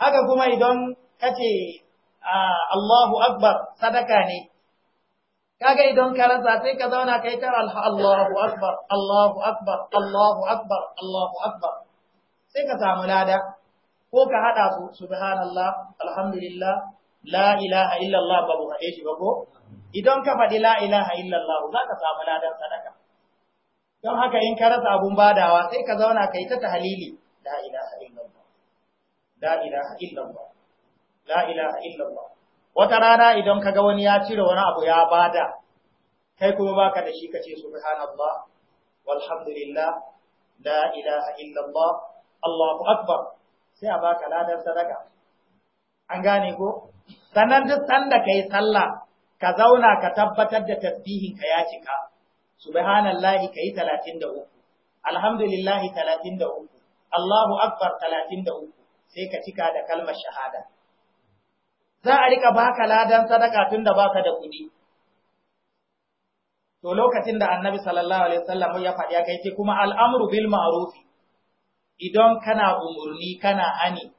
haka kuma idan ka ce ah, Allahu akbar sadaka ne kaga idan ka rasa sai ka zauna kai ta Allahu akbar Allahu akbar Allahu akbar Allahu akbar sai ka samu lada ko ka hada su subhanallah alhamdulillah la ilaha illallah babu hade shi bago idan ka faɗi la ilaha illallah za ka samu ladan sadaka don haka in ka rasa abun badawa sai ka zauna kai ta tahlili la ilaha illallah la ilaha illallah la ilaha illallah wata rana idan kaga wani ya cire wani abu ya bada kai kuma baka da shi kace subhanallah walhamdulillah la ilaha illallah Allahu akbar sai a baka ladan sadaka an gane ko sannan duk sanda kai sallah ka zauna ka tabbatar da tasbihin ka ya cika subhanallahi kai 33 alhamdulillah 33 Allahu akbar 33 sai ka cika da kalmar shahada za a rika baka ladan sadaka tun da baka da kuɗi to lokacin da annabi sallallahu alaihi wasallam ya faɗi kai ce kuma al'amru bil ma'ruf idan kana umurni kana hani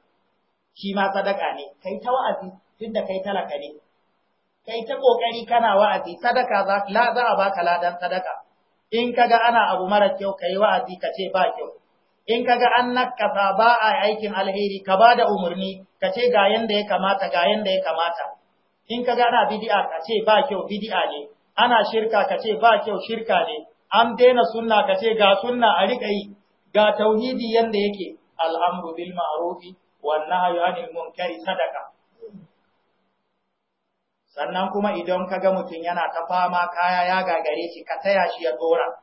shi ma sadaka ne kai ta wa'azi tun da kai talaka ne kai ta kokari kana wa'azi sadaka za a baka ladan sadaka in kaga ana abu mara kyau kai wa'azi ka ce ba kyau in kaga an nakasa ba a aikin alheri ka ba da umarni ka ce ga yanda ya kamata ga yanda ya kamata in kaga ana bid'a ka ce ba kyau bid'a ne ana shirka ka ce ba kyau shirka ne an daina sunna ka ce ga sunna a rika yi ga tauhidi yanda yake al'amru bil ma'rufi wan nahyu anil munkari sadaka sannan kuma idan ka ga mutum yana ta fama kaya ya gagare shi ka taya shi ya dora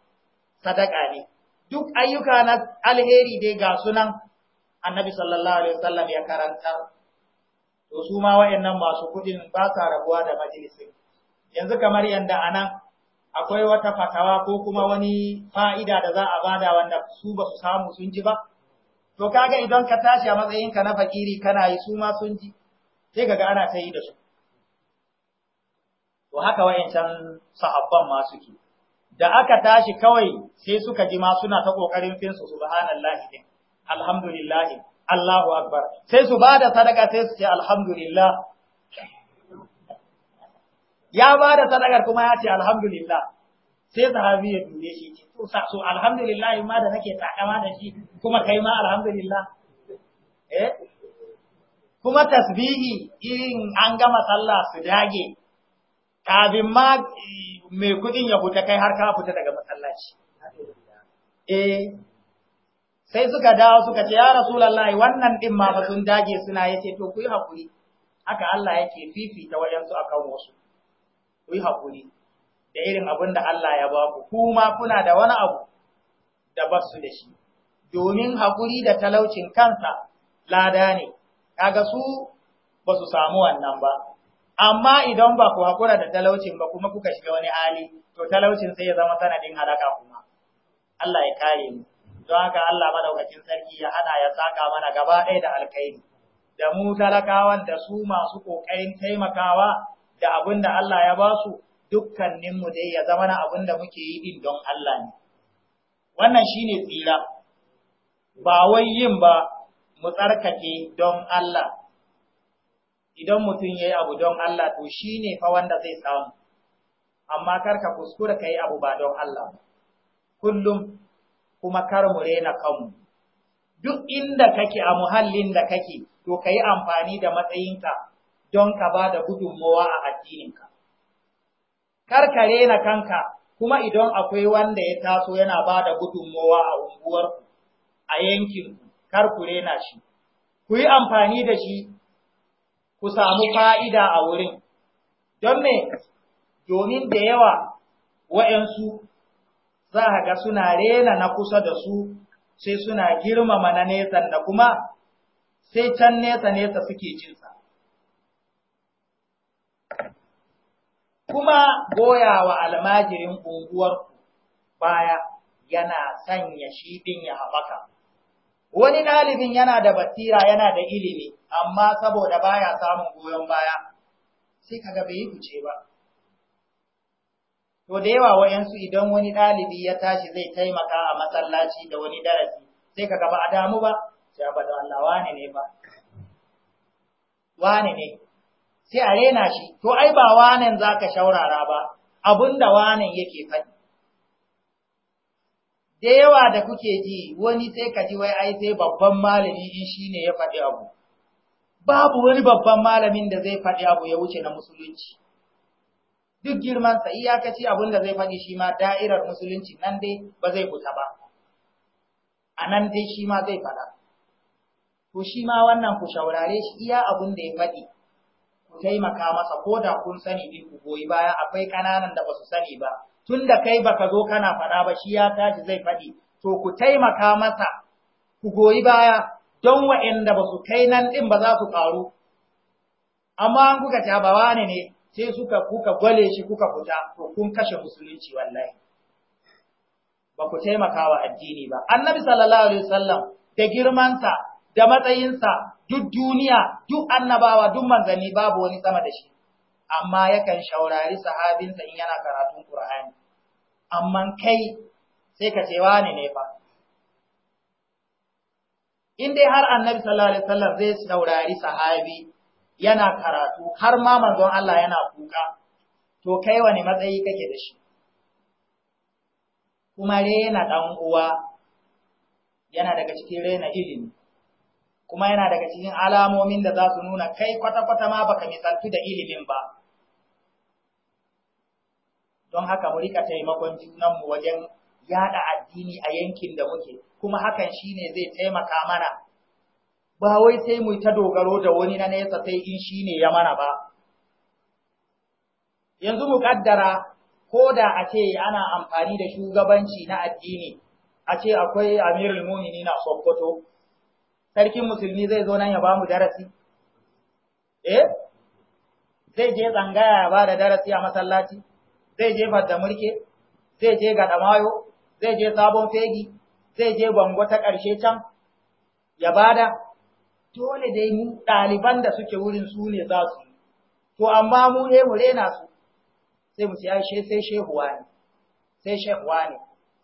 sadaka ne duk ayyuka na alheri dai ga sunan annabi sallallahu alaihi wasallam ya karanta. to su ma wayannan masu kudin ba sa rabuwa da majalisin yanzu kamar yanda anan akwai wata fatawa ko kuma wani fa'ida da za a bada wanda su ba su samu sun ji ba to kaga idan ka tashi a matsayin ka na fakiri kana yi su ma sun ji sai kaga ana ta yi da su to haka wayancan sahabban ma suke da aka tashi kawai sai suka ji ma suna ta kokarin fin su subhanallahi din alhamdulillah Allahu akbar sai su bada sadaka sai su ce alhamdulillah ya bada sadakar kuma ya ce alhamdulillah sai sahabi ya dure shi to so alhamdulillah ma da nake takama da shi kuma kai ma alhamdulillah eh kuma tasbihi irin an gama sallah su dage kafin ma mai kudin ya kuta kai har ka fita daga masallaci eh sai suka dawo suka ce ya rasulullahi wannan ɗin ma ba sun dage suna ce, to ku yi hakuri haka Allah yake fifita a akan wasu ku yi hakuri da irin abin da Allah ya ba ku kuma kuna da wani abu da ba su da shi domin hakuri da talaucin kansa lada ne kaga su ba su samu wannan ba amma idan ba ku haƙura da talaucin ba kuma kuka shiga wani hali to talaucin sai ya zama sanadin halaka kuma Allah ya kare mu don haka Allah madaukakin sarki ya hada ya saka mana gaba ɗaya da alkhairi da mu talakawan da su masu ƙoƙarin taimakawa da abin da Allah ya ba su dukkaninmu dai ya zama na abin da muke yi din don Allah ne. Wannan shine ne tsira, ba wai yin ba mu tsarkake don Allah, idan mutum ya yi abu don Allah to shi ne fa wanda zai samu, amma kar ka kuskura ka yi abu ba don Allah, kullum kuma kar mu rena kanmu. Duk inda kake a muhallin da kake, to ka yi amfani da matsayinka don ka ba da gudunmowa a addininka. Kar ka rena kanka, kuma idan akwai wanda ya taso yana ba da gudunmowa a unguwarku, a yankinku, kar ku rena shi, ku yi amfani da shi ku samu fa'ida a wurin. Don me, domin da yawa wa'yansu za a ga suna rena na kusa da su sai suna girmama na nesa da kuma sai can nesa-nesa suke jinsa. Kuma goya wa almajirin unguwarku baya yana sanya shi ya haɓaka. wani ɗalibin yana da basira yana da ilimi amma saboda baya samun goyon baya sai kaga bai yi kuce ba to da yawa wayansu idan wani ɗalibi ya tashi zai taimaka a masallaci da wani darasi sai kaga ba a damu ba sai ba da Allah wane ne ba wane ne sai a rena shi to ai ba wanen zaka shaurara ba abinda wanen yake faɗi da yawa da kuke ji wani sai ka ji wai ai sai babban malami in shine ya faɗi abu babu wani babban malamin da zai faɗi abu ya wuce na musulunci duk girman sa iyakaci abin da zai faɗi shi ma da'irar musulunci nan dai ba zai fita ba a nan dai shi ma zai faɗa to shi ma wannan ku shaurare shi iya abin da ya faɗi ku taimaka masa ko da kun sani din ku goyi baya akwai ƙananan da ba su sani ba Tun da kai baka zo kana faɗa ba shi ya tashi zai faɗi to ku taimaka masa ku goyi baya don wa'anda ba su kai nan ɗin ba za su ƙaru amma an kuka ba ne ne sai suka kuka gwale shi kuka fita to kun kashe musulunci wallahi ba ku taimaka wa addini ba annabi sallallahu alaihi wasallam da girmansa da matsayinsa duk duniya duk annabawa duk manzanni babu wani sama da shi amma yakan shaurari sahabinsa in yana karatun Qur'ani amma kai sai ka ce wani ne fa in dai har annabi sallallahu alaihi wasallam zai saurari sahabi yana karatu har ma manzon Allah yana kuka to kai wani matsayi kake da shi kuma rena dan uwa yana daga cikin rena ilimi kuma yana daga cikin alamomin da za su nuna kai kwata-kwata ma baka misaltu da ilimin ba don haka mu rika taimakon mu wajen yada addini a yankin da muke kuma hakan shine zai taimaka mana ba wai sai mu ta dogaro da wani na nesa sai in shine ya mana ba yanzu mu kaddara ko da a ce ana amfani da shugabanci na addini a ce akwai amirul mumini na sokoto sarkin musulmi zai zo nan ya ba darasi eh zai je tsangaya ya ba da darasi a masallaci zai je da murke, zai je ga damayo zai je sabon fegi zai je bango ta ƙarshe can ya bada dole dai mu ɗaliban da suke wurin su ne za su to amma mu ne mu rena su sai mu siya she sai shehuwa ne sai shehuwa ne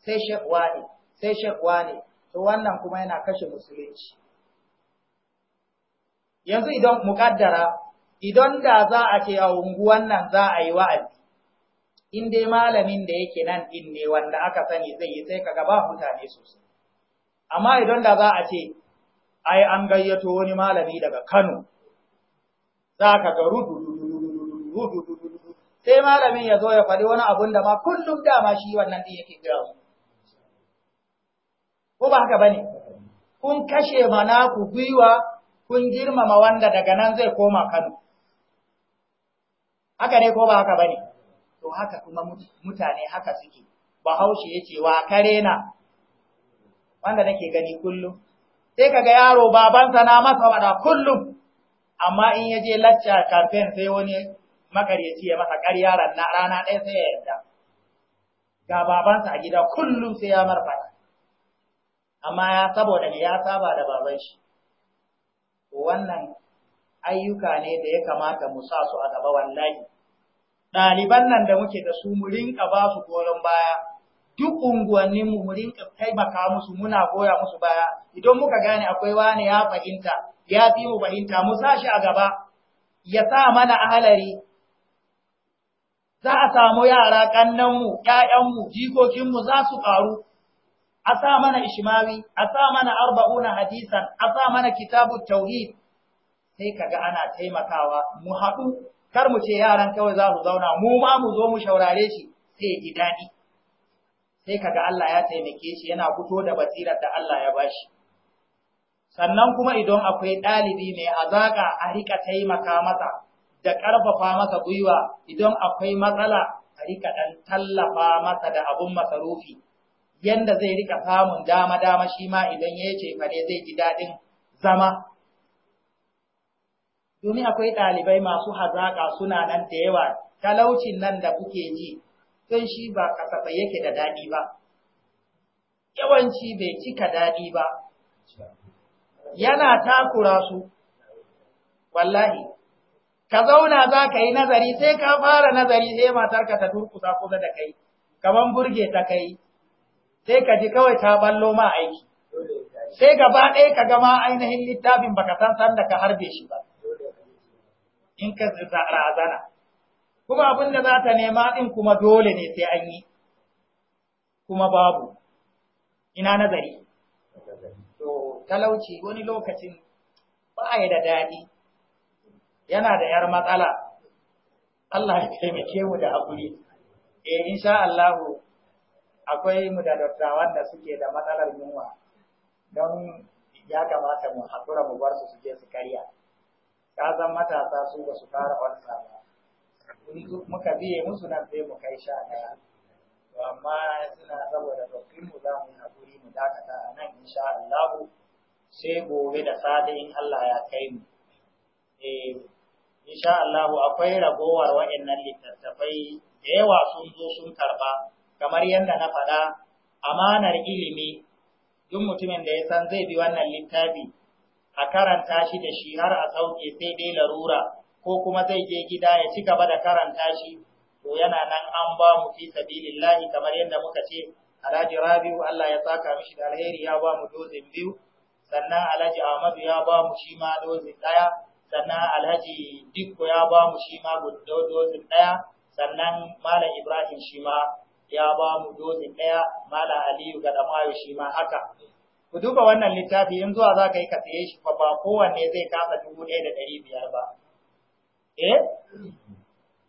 sai shehuwa ne sai shehuwa ne to wannan kuma yana kashe musulunci yanzu idan muƙaddara idan da za a ce a unguwan nan za a yi wa'azi in dai malamin da yake nan din ne wanda aka sani zai yi sai kaga ba mutane sosai amma idan da za a ce ai an gayyato wani malami daga Kano za ka ga rudu sai malamin ya zo ya faɗi wani abun da ma kullum dama shi wannan din yake gaya ko ba haka bane kun kashe mana ku gwiwa kun girmama wanda daga nan zai koma Kano haka ne ko ba haka bane to haka kuma mutane haka suke bahaushe ya ce wa kare na wanda nake gani kullum sai kaga yaro babansa na masa waɗa kullum amma in ya je lacca campaign sai wani makaryaci ya masa ƙarya na rana ɗaya sai ya yarda ga babansa a gida kullum sai ya marfa amma ya saboda ne ya saba da baban shi wannan ayyuka ne da ya kamata mu sa su a gaba wallahi ɗaliban nan da muke da su mu rinka ba su goron baya duk unguwannin mu mu taimaka musu muna goya musu baya idan muka gane akwai wani ya fahimta ya fi mu fahimta mu sa shi a gaba ya sa mana ahalari za a samu yara ƙannanmu, 'ya'yanmu, jikokinmu za su ƙaru a sa mana ishmawi a sa mana arba'una hadisan a sa mana kitabut tauhid sai kaga ana taimakawa mu haɗu kar mu ce yaran kawai za su zauna mu ma mu zo mu shaurare shi sai ji daɗi sai kaga Allah ya taimake shi yana fito da basirar da Allah ya bashi sannan kuma idan akwai ɗalibi mai azaka a rika taimaka masa da ƙarfafa masa gwiwa idan akwai matsala a rika ɗan tallafa masa da abun masarufi yanda zai rika samun dama-dama shi ma idan ya ce fare zai ji daɗin zama domin akwai ɗalibai masu hazaƙa suna nan da yawa talaucin nan da kuke ji don shi ba kasafai yake da daɗi ba yawanci bai cika daɗi ba yana takura su wallahi ka zauna za ka yi nazari sai ka fara nazari sai matarka ta turkusa kusa da kai kamar burge ta kai sai ka ji kawai ta ballo ma aiki sai gaba ɗaya ka gama ainihin littafin baka san sanda ka harbe shi ba in ka razana kuma abin da za ta nema in kuma dole ne sai an yi kuma babu ina nazari to talauci wani lokacin ba ya da daɗi yana da ‘yar matsala Allah ya taimake mu da haƙuri E, insha Allahu akwai mu da dattawan da suke da matsalar yunwa don ya kamata mu haƙura mu bar su su je su karya ka zan matasa su ba su fara wansa ba muka biye musu nan sai mu kai sha ɗaya. to amma suna saboda tsoffin mu za mu hakuri mu dakata a nan insha Allah sai gobe da sada in Allah ya kai mu eh insha Allah akwai ragowar wa'annan littattafai da yawa sun zo sun karba kamar yadda na faɗa amanar ilimi duk mutumin da ya san zai bi wannan littafi a karanta shi da shi har a sauke sai dai larura ko kuma zai je gida ya ci gaba da karanta shi to yana nan an ba mu fi sabilillahi kamar yadda muka ce Alhaji Rabiu Allah ya saka mishi da alheri ya ba mu dozin biyu sannan Alhaji Ahmadu ya ba mu shi ma dozin daya sannan Alhaji Dikko ya ba mu shi ma dozin daya sannan Malam Ibrahim shi ma ya ba mu dozin daya Malam Aliyu ga Gadamayo shi ma haka ku duba wannan littafi in zuwa za ka yi ka saye shi fa ba kowanne zai kasa dubu ɗaya da ɗari biyar ba eh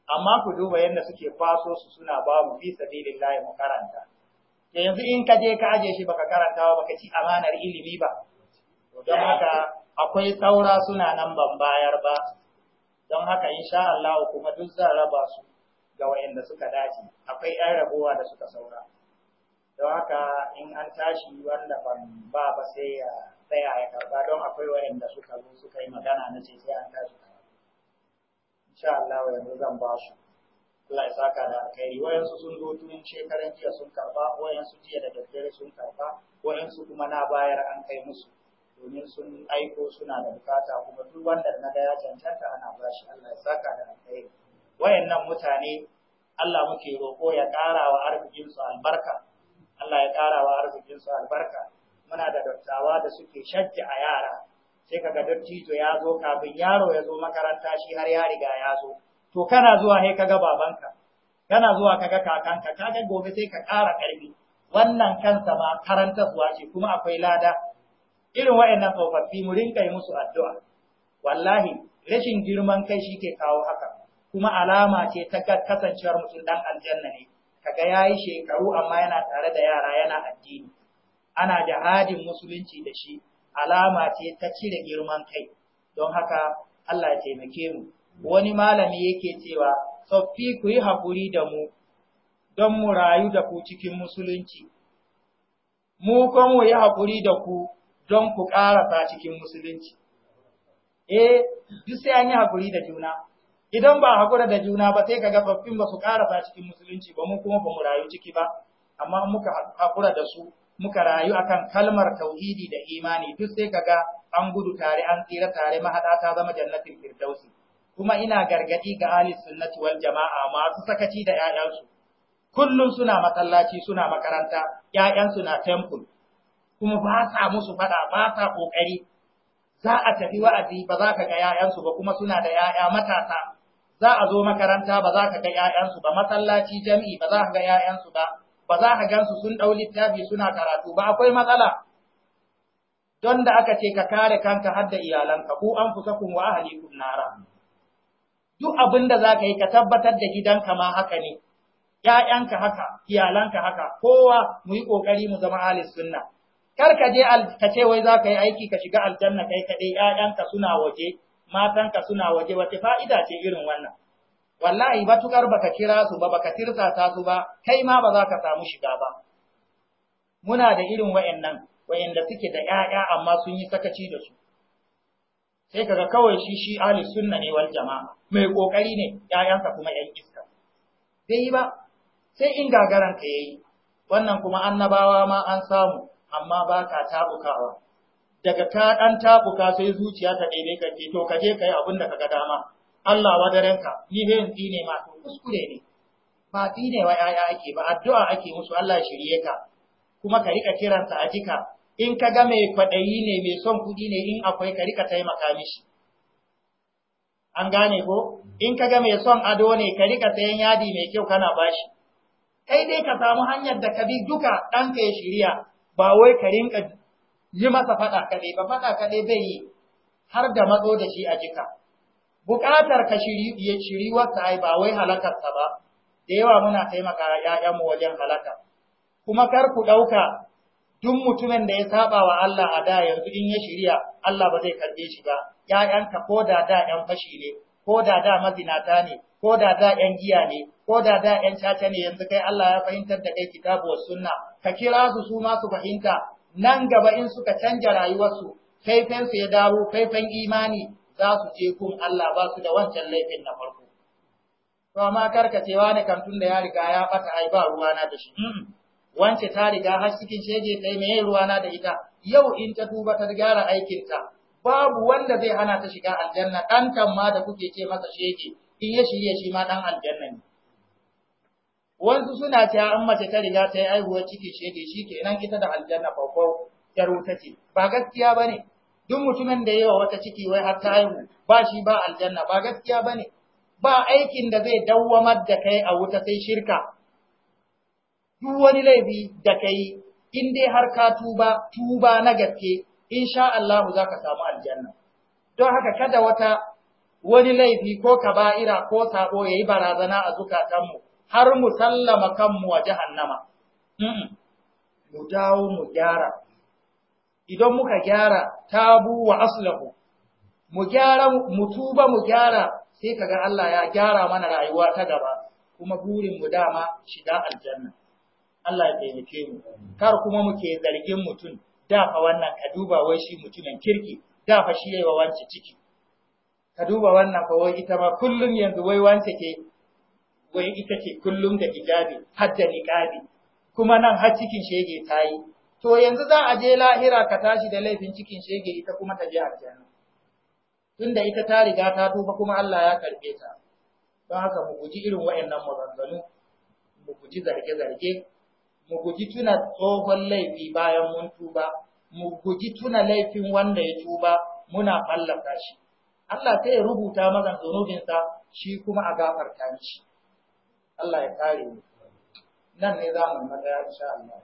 amma ku duba yadda suke faso su suna babu fi layi mu karanta da yanzu in ka je ka aje shi baka karanta ba baka ci amanar ilimi ba don haka akwai saura suna nan ban bayar ba don haka insha Allah kuma duk zan raba su ga wayanda suka dace akwai 'yan rabuwa da suka saura don haka in an tashi wanda ban ba ba sai ya tsaya ya karba don akwai wayanda suka zo suka yi magana na ce sai an tashi insha Allah yanzu zan ba su Allah ya saka da alkhairi wayansu sun zo tun shekaran jiya sun karba wayansu jiya da daddare sun karba wayansu kuma na bayar an kai musu domin sun aiko suna da bukata kuma duk wanda na ga ya cancanta ana shi. Allah ya saka da alkhairi wayannan mutane Allah muke roƙo ya ƙara wa arzikin su albarka Allah ya ƙara wa su albarka muna da dattawa da suke shajja a yara sai kaga dattijo ya zo kafin yaro ya zo makaranta shi har ya riga ya zo to kana zuwa sai kaga babanka kana zuwa kaga kakanka kaga gobe sai ka ƙara ƙarfi wannan kansa ma karantarwa ce kuma akwai lada irin waɗannan tsofaffi mu rinka yi musu addu'a wallahi rashin girman kai shi ke kawo haka kuma alama ce ta kasancewar mutum dan aljanna ne kaga yayi shekaru amma yana tare da yara yana addini ana jihadin musulunci da shi alama ce ta cire girman kai don haka Allah ya taimake mu wani malami yake cewa tsoffi ku yi haƙuri da mu don mu rayu da ku cikin musulunci mu kuma mu yi haƙuri da ku don ku ƙarasa cikin musulunci eh duk sai an yi haƙuri da juna idan ba hakura da juna ba sai kaga babbin ba su karasa cikin musulunci ba mu kuma ba mu rayu ciki ba amma muka hakura da su muka rayu akan kalmar tauhidi da imani duk sai ka ga an gudu tare an tsira tare mahada ta zama jannatin firdausi kuma ina gargadi ga ahli sunnati wal jama'a masu sakaci da ƴaƴansu kullum suna masallaci suna makaranta ƴaƴansu na temple kuma ba sa musu faɗa, ba sa kokari za a tafi wa'azi ba za ka ga ƴaƴansu ba kuma suna da ƴaƴa matasa za a zo makaranta ba za ka ga ‘ya'yansu ba, masallaci jami'i ba za ka ga ‘ya'yansu ba, ba za ka gansu sun ɗau littafi suna karatu ba, akwai matsala. Don da aka ce ka kare kanka har da iyalanka, ku an fusa kun wa ahali kun nara. Duk abin da za ka yi ka tabbatar da gidanka ma haka ne, ‘ya'yanka haka, iyalanka haka, kowa mu yi ƙoƙari mu zama alis sunna. Kar ka je ka ce wai za ka yi aiki ka shiga aljanna kai kaɗai ‘ya'yanka suna waje, matanka suna waje wata fa'ida ce irin wannan wallahi batukar baka kira su ba baka ta su ba kai ma ba za ka samu shiga ba muna da irin wayannan wayanda suke da 'ya'ya amma sun yi sakaci da su sai kaga kawai shi shi ahli sunna ne wal jama'a mai kokari ne ƴaƴansa kuma 'yan iska sai ba sai in gagaran ka yayi wannan kuma annabawa ma an samu amma ba ka tabukawa daga ta ɗan tabuka sai zuciya ta ɗebe ka ce to ka je ka abin da ka ga dama Allah wadaranka ni ne yanzu ne ma to kuskure ne ba ti ne wa yaya ake ba addu'a ake musu Allah shirye ka kuma ka rika kiransa a jika in ka ga mai kwaɗayi ne mai son kuɗi ne in akwai ka rika taimaka mishi an gane ko in ka ga mai son ado ne ka rika sayan yadi mai kyau kana bashi kai dai ka samu hanyar da ka bi duka ɗanka ya shirya ba wai ka rinka yi masa faɗa kaɗai ba faɗa kaɗai bai yi har da matso da shi a jika. Buƙatar ka ya shiri wata ai ba wai halakarsa ba, da yawa muna taimaka ‘ya'yanmu wajen halaka. Kuma kar ku ɗauka duk mutumin da ya saba wa Allah a da yanzu in ya shirya Allah ba zai karɓe shi ba, ‘ya'yanka ko da da ‘yan fashi ne, ko da da mazinata ne, ko da da ‘yan giya ne, ko da da ‘yan caca ne yanzu kai Allah ya fahimtar da kai kitabu wa sunna, ka kira su su ma su fahimta, nan gaba in suka canja rayuwarsu faifansu ya dawo faifan imani za su ce kun Allah ba su da wancan laifin na farko. To amma ce, ne kan tunda ya riga ya bata ai ba ruwa na da shi. Wance ta riga har cikin shege kai me na da ita yau in ta tuba ta gyara aikinta babu wanda zai hana ta shiga aljanna ɗan ma da kuke ce masa shege in ya shirye shi ma ɗan aljanna ne. Wasu suna ta an mace ta riga ta yi aihuwar ciki shege shi ke nan ita da aljanna babbar ta ruta ce. Ba gaskiya ba ne. Duk mutumin da yawa wata ciki wai har ta haihu ba shi ba aljanna ba gaskiya ba ne. Ba aikin da zai dawwamar da kai a wuta sai shirka. Duk wani laifi da kai in dai har ka tuba tuba na gaske insha Allah za ka samu aljanna. Don haka kada wata wani laifi ko kaba'ira ko sabo yayi barazana a zukatanmu har mu sallama kanmu wa jahannama. Mu dawo mu gyara, idan muka gyara tabu wa aslahu, mu gyara mu tuba mu gyara sai kaga Allah ya gyara mana rayuwa ta gaba, kuma burin mu dama shiga aljanna. Allah ya taimake mu, kar kuma muke zargin mutum, dafa wannan ka duba wai shi mutumin kirki, dafa shi yayi wa wance ciki. Ka duba wannan fa wai ita ma kullum yanzu wai wance ke wai ita ce kullum da hijabi har da niqabi kuma nan har cikin shege ta yi to yanzu za a je lahira ka tashi da laifin cikin shege ita kuma ta je aljanna tunda ita ta riga ta tuba kuma Allah ya karbe ta don haka mu guji irin waɗannan maganganu mu guji zarge-zarge mu guji tuna tsohon laifi bayan mun tuba mu guji tuna laifin wanda ya tuba muna fallaka shi Allah sai ya rubuta mazan zunubinsa shi kuma a gafarta mishi Allah ya kare mu nan ne za mu matsaya insha Allah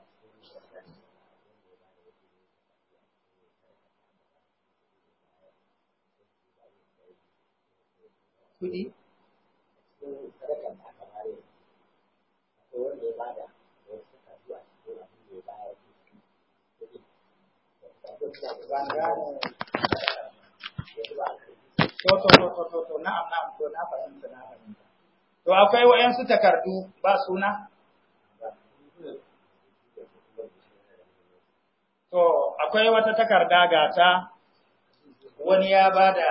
kudi to to to to to to na fahimta na fahimta To akwai su takardu ba suna? To akwai wata takarda gata wani ya ba da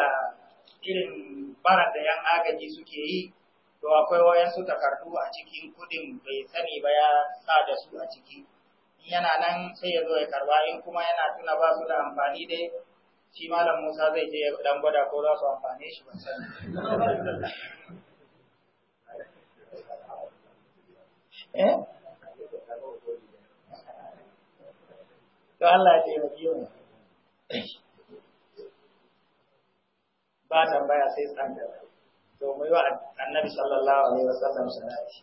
irin barar da ‘yan agaji suke yi, to akwai su takardu a cikin kudin bai sani ba ya sa da su a ciki. yana nan sai ya zo ya karba in kuma yana tuna ba su da amfani dai shi malam Musa zai je dan gwada ko za su amfane shi ba sani. eh to Allah ya taimake mu ba tambaya sai tsanda to mu yi wa annabi sallallahu alaihi wasallam salati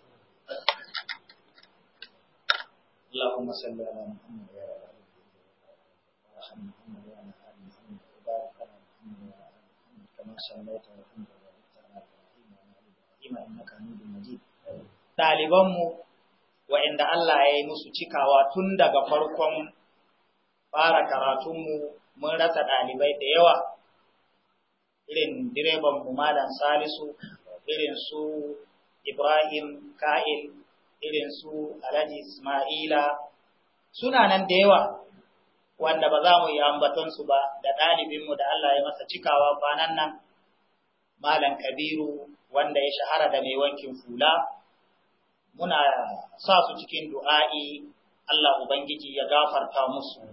اللهم صل على محمد وعلى آل محمد وعلى محمد وعلى آل محمد وبارك على محمد وعلى آل محمد كما صليت وباركت على إبراهيم وعلى آل إبراهيم إنك حميد مجيد ɗalibanmu wa'inda Allah ya yi musu cikawa tun daga farkon fara karatunmu mun rasa ɗalibai da yawa irin direban Malam Salisu, irin su Ibrahim Ka'il, irin su Alhaji Ismaila, suna nan da yawa wanda ba za mu yi ambatonsu ba da ɗalibinmu da Allah ya masa cikawa kwanan nan, Malam Kabiru wanda ya shahara da mai wankin fula. muna sa su cikin du'a'i Allah Ubangiji ya gafarta musu,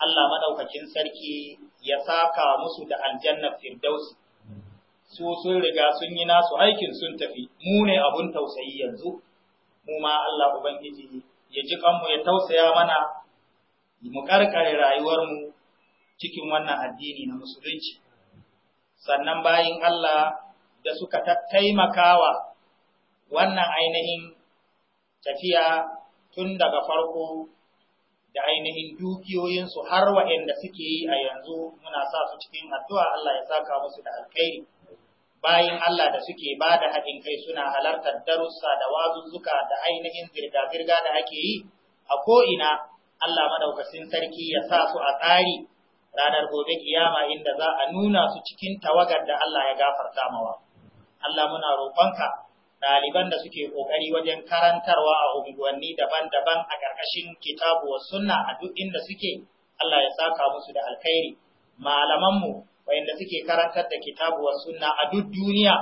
Allah maɗaukakin sarki ya saka musu da Aljanna firdausi, su sun riga sun yi nasu aikin sun tafi, mu ne abun tausayi yanzu, mu ma Allah Ubangiji ya ji kanmu ya tausaya mana, mu karkare rayuwarmu cikin wannan addini na musulunci. Sannan bayin Allah da suka taimakawa wannan ainihin tafiya tun daga farko da ainihin dukiyoyinsu har waɗanda suke yi a yanzu muna sa su cikin addu'a Allah ya saka musu da alkhairi bayan Allah da suke ba da haɗin kai suna halartar darussa da wazuzzuka da ainihin zirga-zirga da ake yi a ko'ina Allah madaukakin sarki ya sa su a tsari ranar gobe kiyama inda za a nuna su cikin tawagar da Allah ya gafarta mawa. Allah muna roƙonka ɗaliban da suke ƙoƙari wajen karantarwa a unguwanni daban-daban a ƙarƙashin kitabu wa sunna a duk inda suke Allah ya saka musu da alkhairi malamanmu wayanda suke karantar da kitabu wa sunna a duk duniya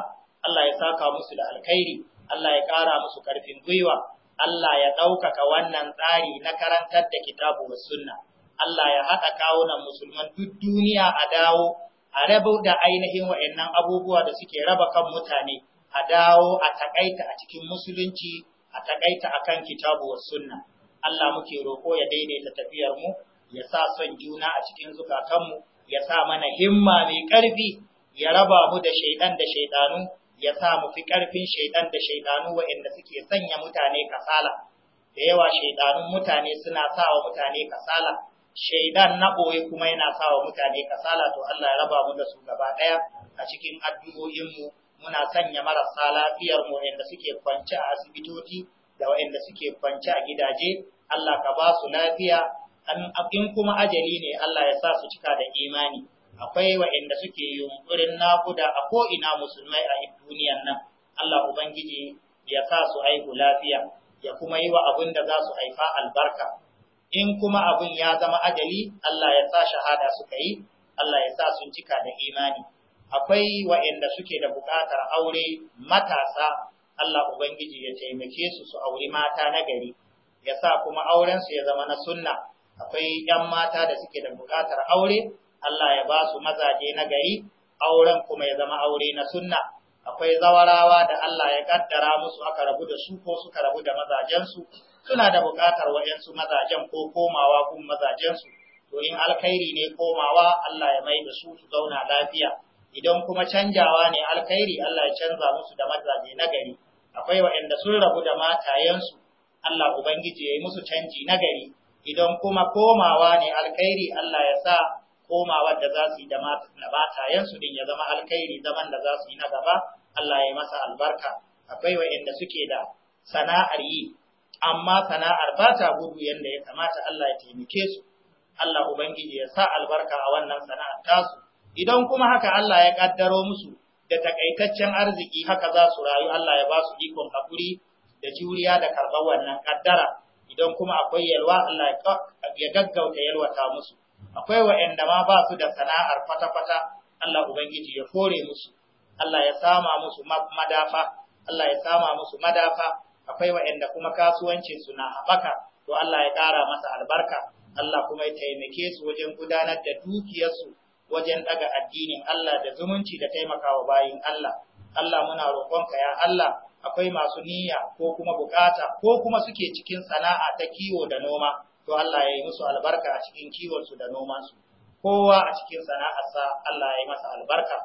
Allah ya saka musu da alkhairi Allah ya ƙara musu ƙarfin gwiwa Allah ya ɗaukaka wannan tsari na karantar da kitabu wa sunna Allah ya haɗa kawunan musulman duk duniya a dawo a rabu da ainihin wa'annan abubuwa da suke raba kan mutane a dawo a takaita a cikin musulunci a takaita kan kitabu wa sunna Allah muke roƙo ya daidaita tafiyar mu ya sa son juna a cikin zukatanmu ya sa mana himma mai ƙarfi ya raba mu da shaidan da shaidanu ya sa mu fi ƙarfin shaidan da shaidanu waɗanda suke sanya mutane kasala da yawa shaidanun mutane suna sawa mutane kasala shaidan na ɓoye kuma yana sawa mutane kasala to Allah ya raba mu da su gaba ɗaya a cikin addu'o'inmu muna sanya marasa lafiyar mu suke kwance a asibitoci da wanda suke kwance a gidaje Allah ka ba su lafiya in kuma ajali ne Allah ya sa su cika da imani akwai waɗanda suke yunkurin nakuda a ko'ina musulmai a duniyan nan Allah ubangiji ya sa su aihu lafiya ya kuma yi wa abin da za su haifa albarka in kuma abun ya zama ajali Allah ya sa shahada suka yi Allah ya sa sun cika da imani akwai wa'anda suke da buƙatar aure matasa Allah Ubangiji ya taimake su su auri mata na gari ya sa kuma aurensu ya zama na sunna akwai ‘yan mata da suke da buƙatar aure Allah ya ba su mazaje na gari auren kuma ya zama aure na sunna akwai zawarawa da Allah ya ƙaddara musu aka rabu da su ko suka rabu da mazajensu suna da buƙatar waɗansu mazajen ko komawa gun mazajensu to in alkhairi ne komawa Allah ya mai da su su zauna lafiya idan kuma canjawa ne alkhairi Allah ya canza musu da mazaje na gari akwai waɗanda sun rabu da matayensu Allah ubangiji ya yi musu canji nagari. idan kuma komawa ne alkhairi Allah ya sa komawar da za su yi da matayensu din ya zama alkhairi zaman da za su yi na gaba Allah ya masa albarka akwai waɗanda suke da sana'ar yi amma sana'ar ba ta gudu yadda ya kamata Allah ya taimake su Allah ubangiji ya sa albarka a wannan sana'ar tasu idan kuma haka Allah ya kaddaro musu da takaitaccen arziki haka za su rayu Allah ya ba su ikon hakuri da juriya da karbar wannan kaddara idan kuma akwai yalwa Allah ya gaggauta yalwata musu akwai wa'anda ma ba su da sana'ar fata-fata Allah ubangiji ya kore musu Allah ya sama musu madafa Allah ya sama musu madafa akwai wa'anda kuma kasuwancin su na haɓaka to Allah ya ƙara masa albarka Allah kuma ya taimake su wajen gudanar da dukiyarsu wajen daga addinin Allah da zumunci da taimakawa bayin Allah. Allah muna roƙonka ya Allah akwai masu niyya ko kuma bukata ko kuma suke cikin sana'a ta kiwo da noma to Allah ya yi musu albarka a cikin kiwonsu da nomansu. Kowa a cikin sa Allah ya yi masa albarka,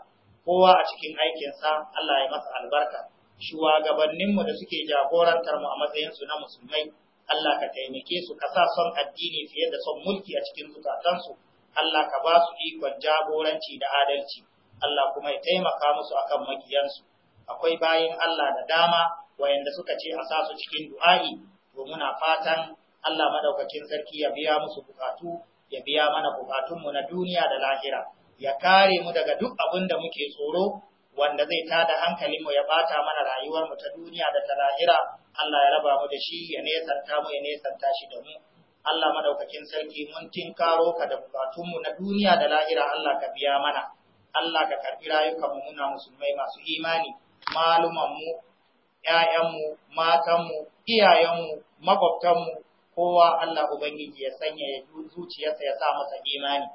kowa a cikin sa Allah ya yi masa albarka. Shuwagabanninmu da suke jagorantar mu a matsayinsu na musulmai, Allah ka taimake su ka sa son addini fiye da son mulki a cikin zukatansu. Allah ka ba su ikon jagoranci da adalci, Allah kuma ya taimaka musu a kan magiyansu Akwai bayin Allah da dama wayanda suka ce a sa su cikin du'a'i, to muna fatan Allah madaukakin sarki ya biya musu bukatu, ya biya mana bukatunmu na duniya da lahira, ya kare mu daga duk abin da muke tsoro wanda zai tada hankalinmu ya bata mana rayuwarmu ta duniya da ta lahira, Allah ya raba mu da shi ya nesanta mu ya nesanta shi da mu. Allah madaukakin sarki mun tinkaro ka da bukatunmu na duniya da lahira Allah ka biya mana, Allah ka karɓi rayukanmu muna musulmai masu imani, malumanmu, ‘ya'yanmu, matanmu, iyayenmu, makwabtanmu, kowa Allah Ubangiji ya sanya ya zuciyarsa ya sa masa imani,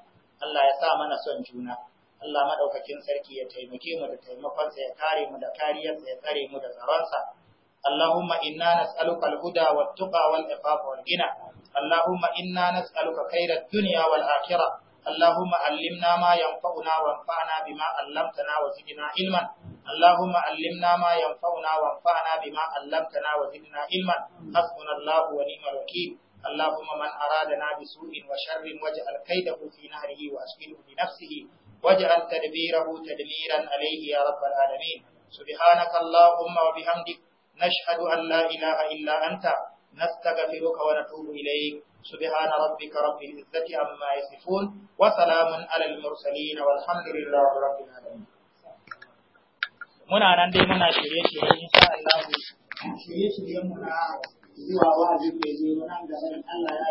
Allah ya sa mana son juna, Allah madaukakin sarki ya taimake mu da taimakonsa ya kare mu da kariyarsa ya tsare mu da tsaronsa. اللهم إنا نسألك الهدى والتقى والعفاف والغنى اللهم إنا نسألك خير الدنيا والآخرة اللهم علمنا ما ينفعنا وانفعنا بما علمتنا وزدنا علما اللهم علمنا ما ينفعنا وانفعنا بما علمتنا وزدنا علما حسبنا الله ونعم الوكيل اللهم من أرادنا بسوء وشر واجعل كيده في نهره وأشغله بنفسه واجعل تدبيره تدميرا عليه يا رب العالمين سبحانك اللهم وبحمدك نشهد أن لا إله إلا أنت نستغفرك ونتوب إليك سبحان ربك رب العزة عما يصفون وسلام على المرسلين والحمد لله رب العالمين muna nan dai muna shirye-shirye insha Allah shirye-shiryen muna na zuwa wa'azi ke zo nan da Allah ya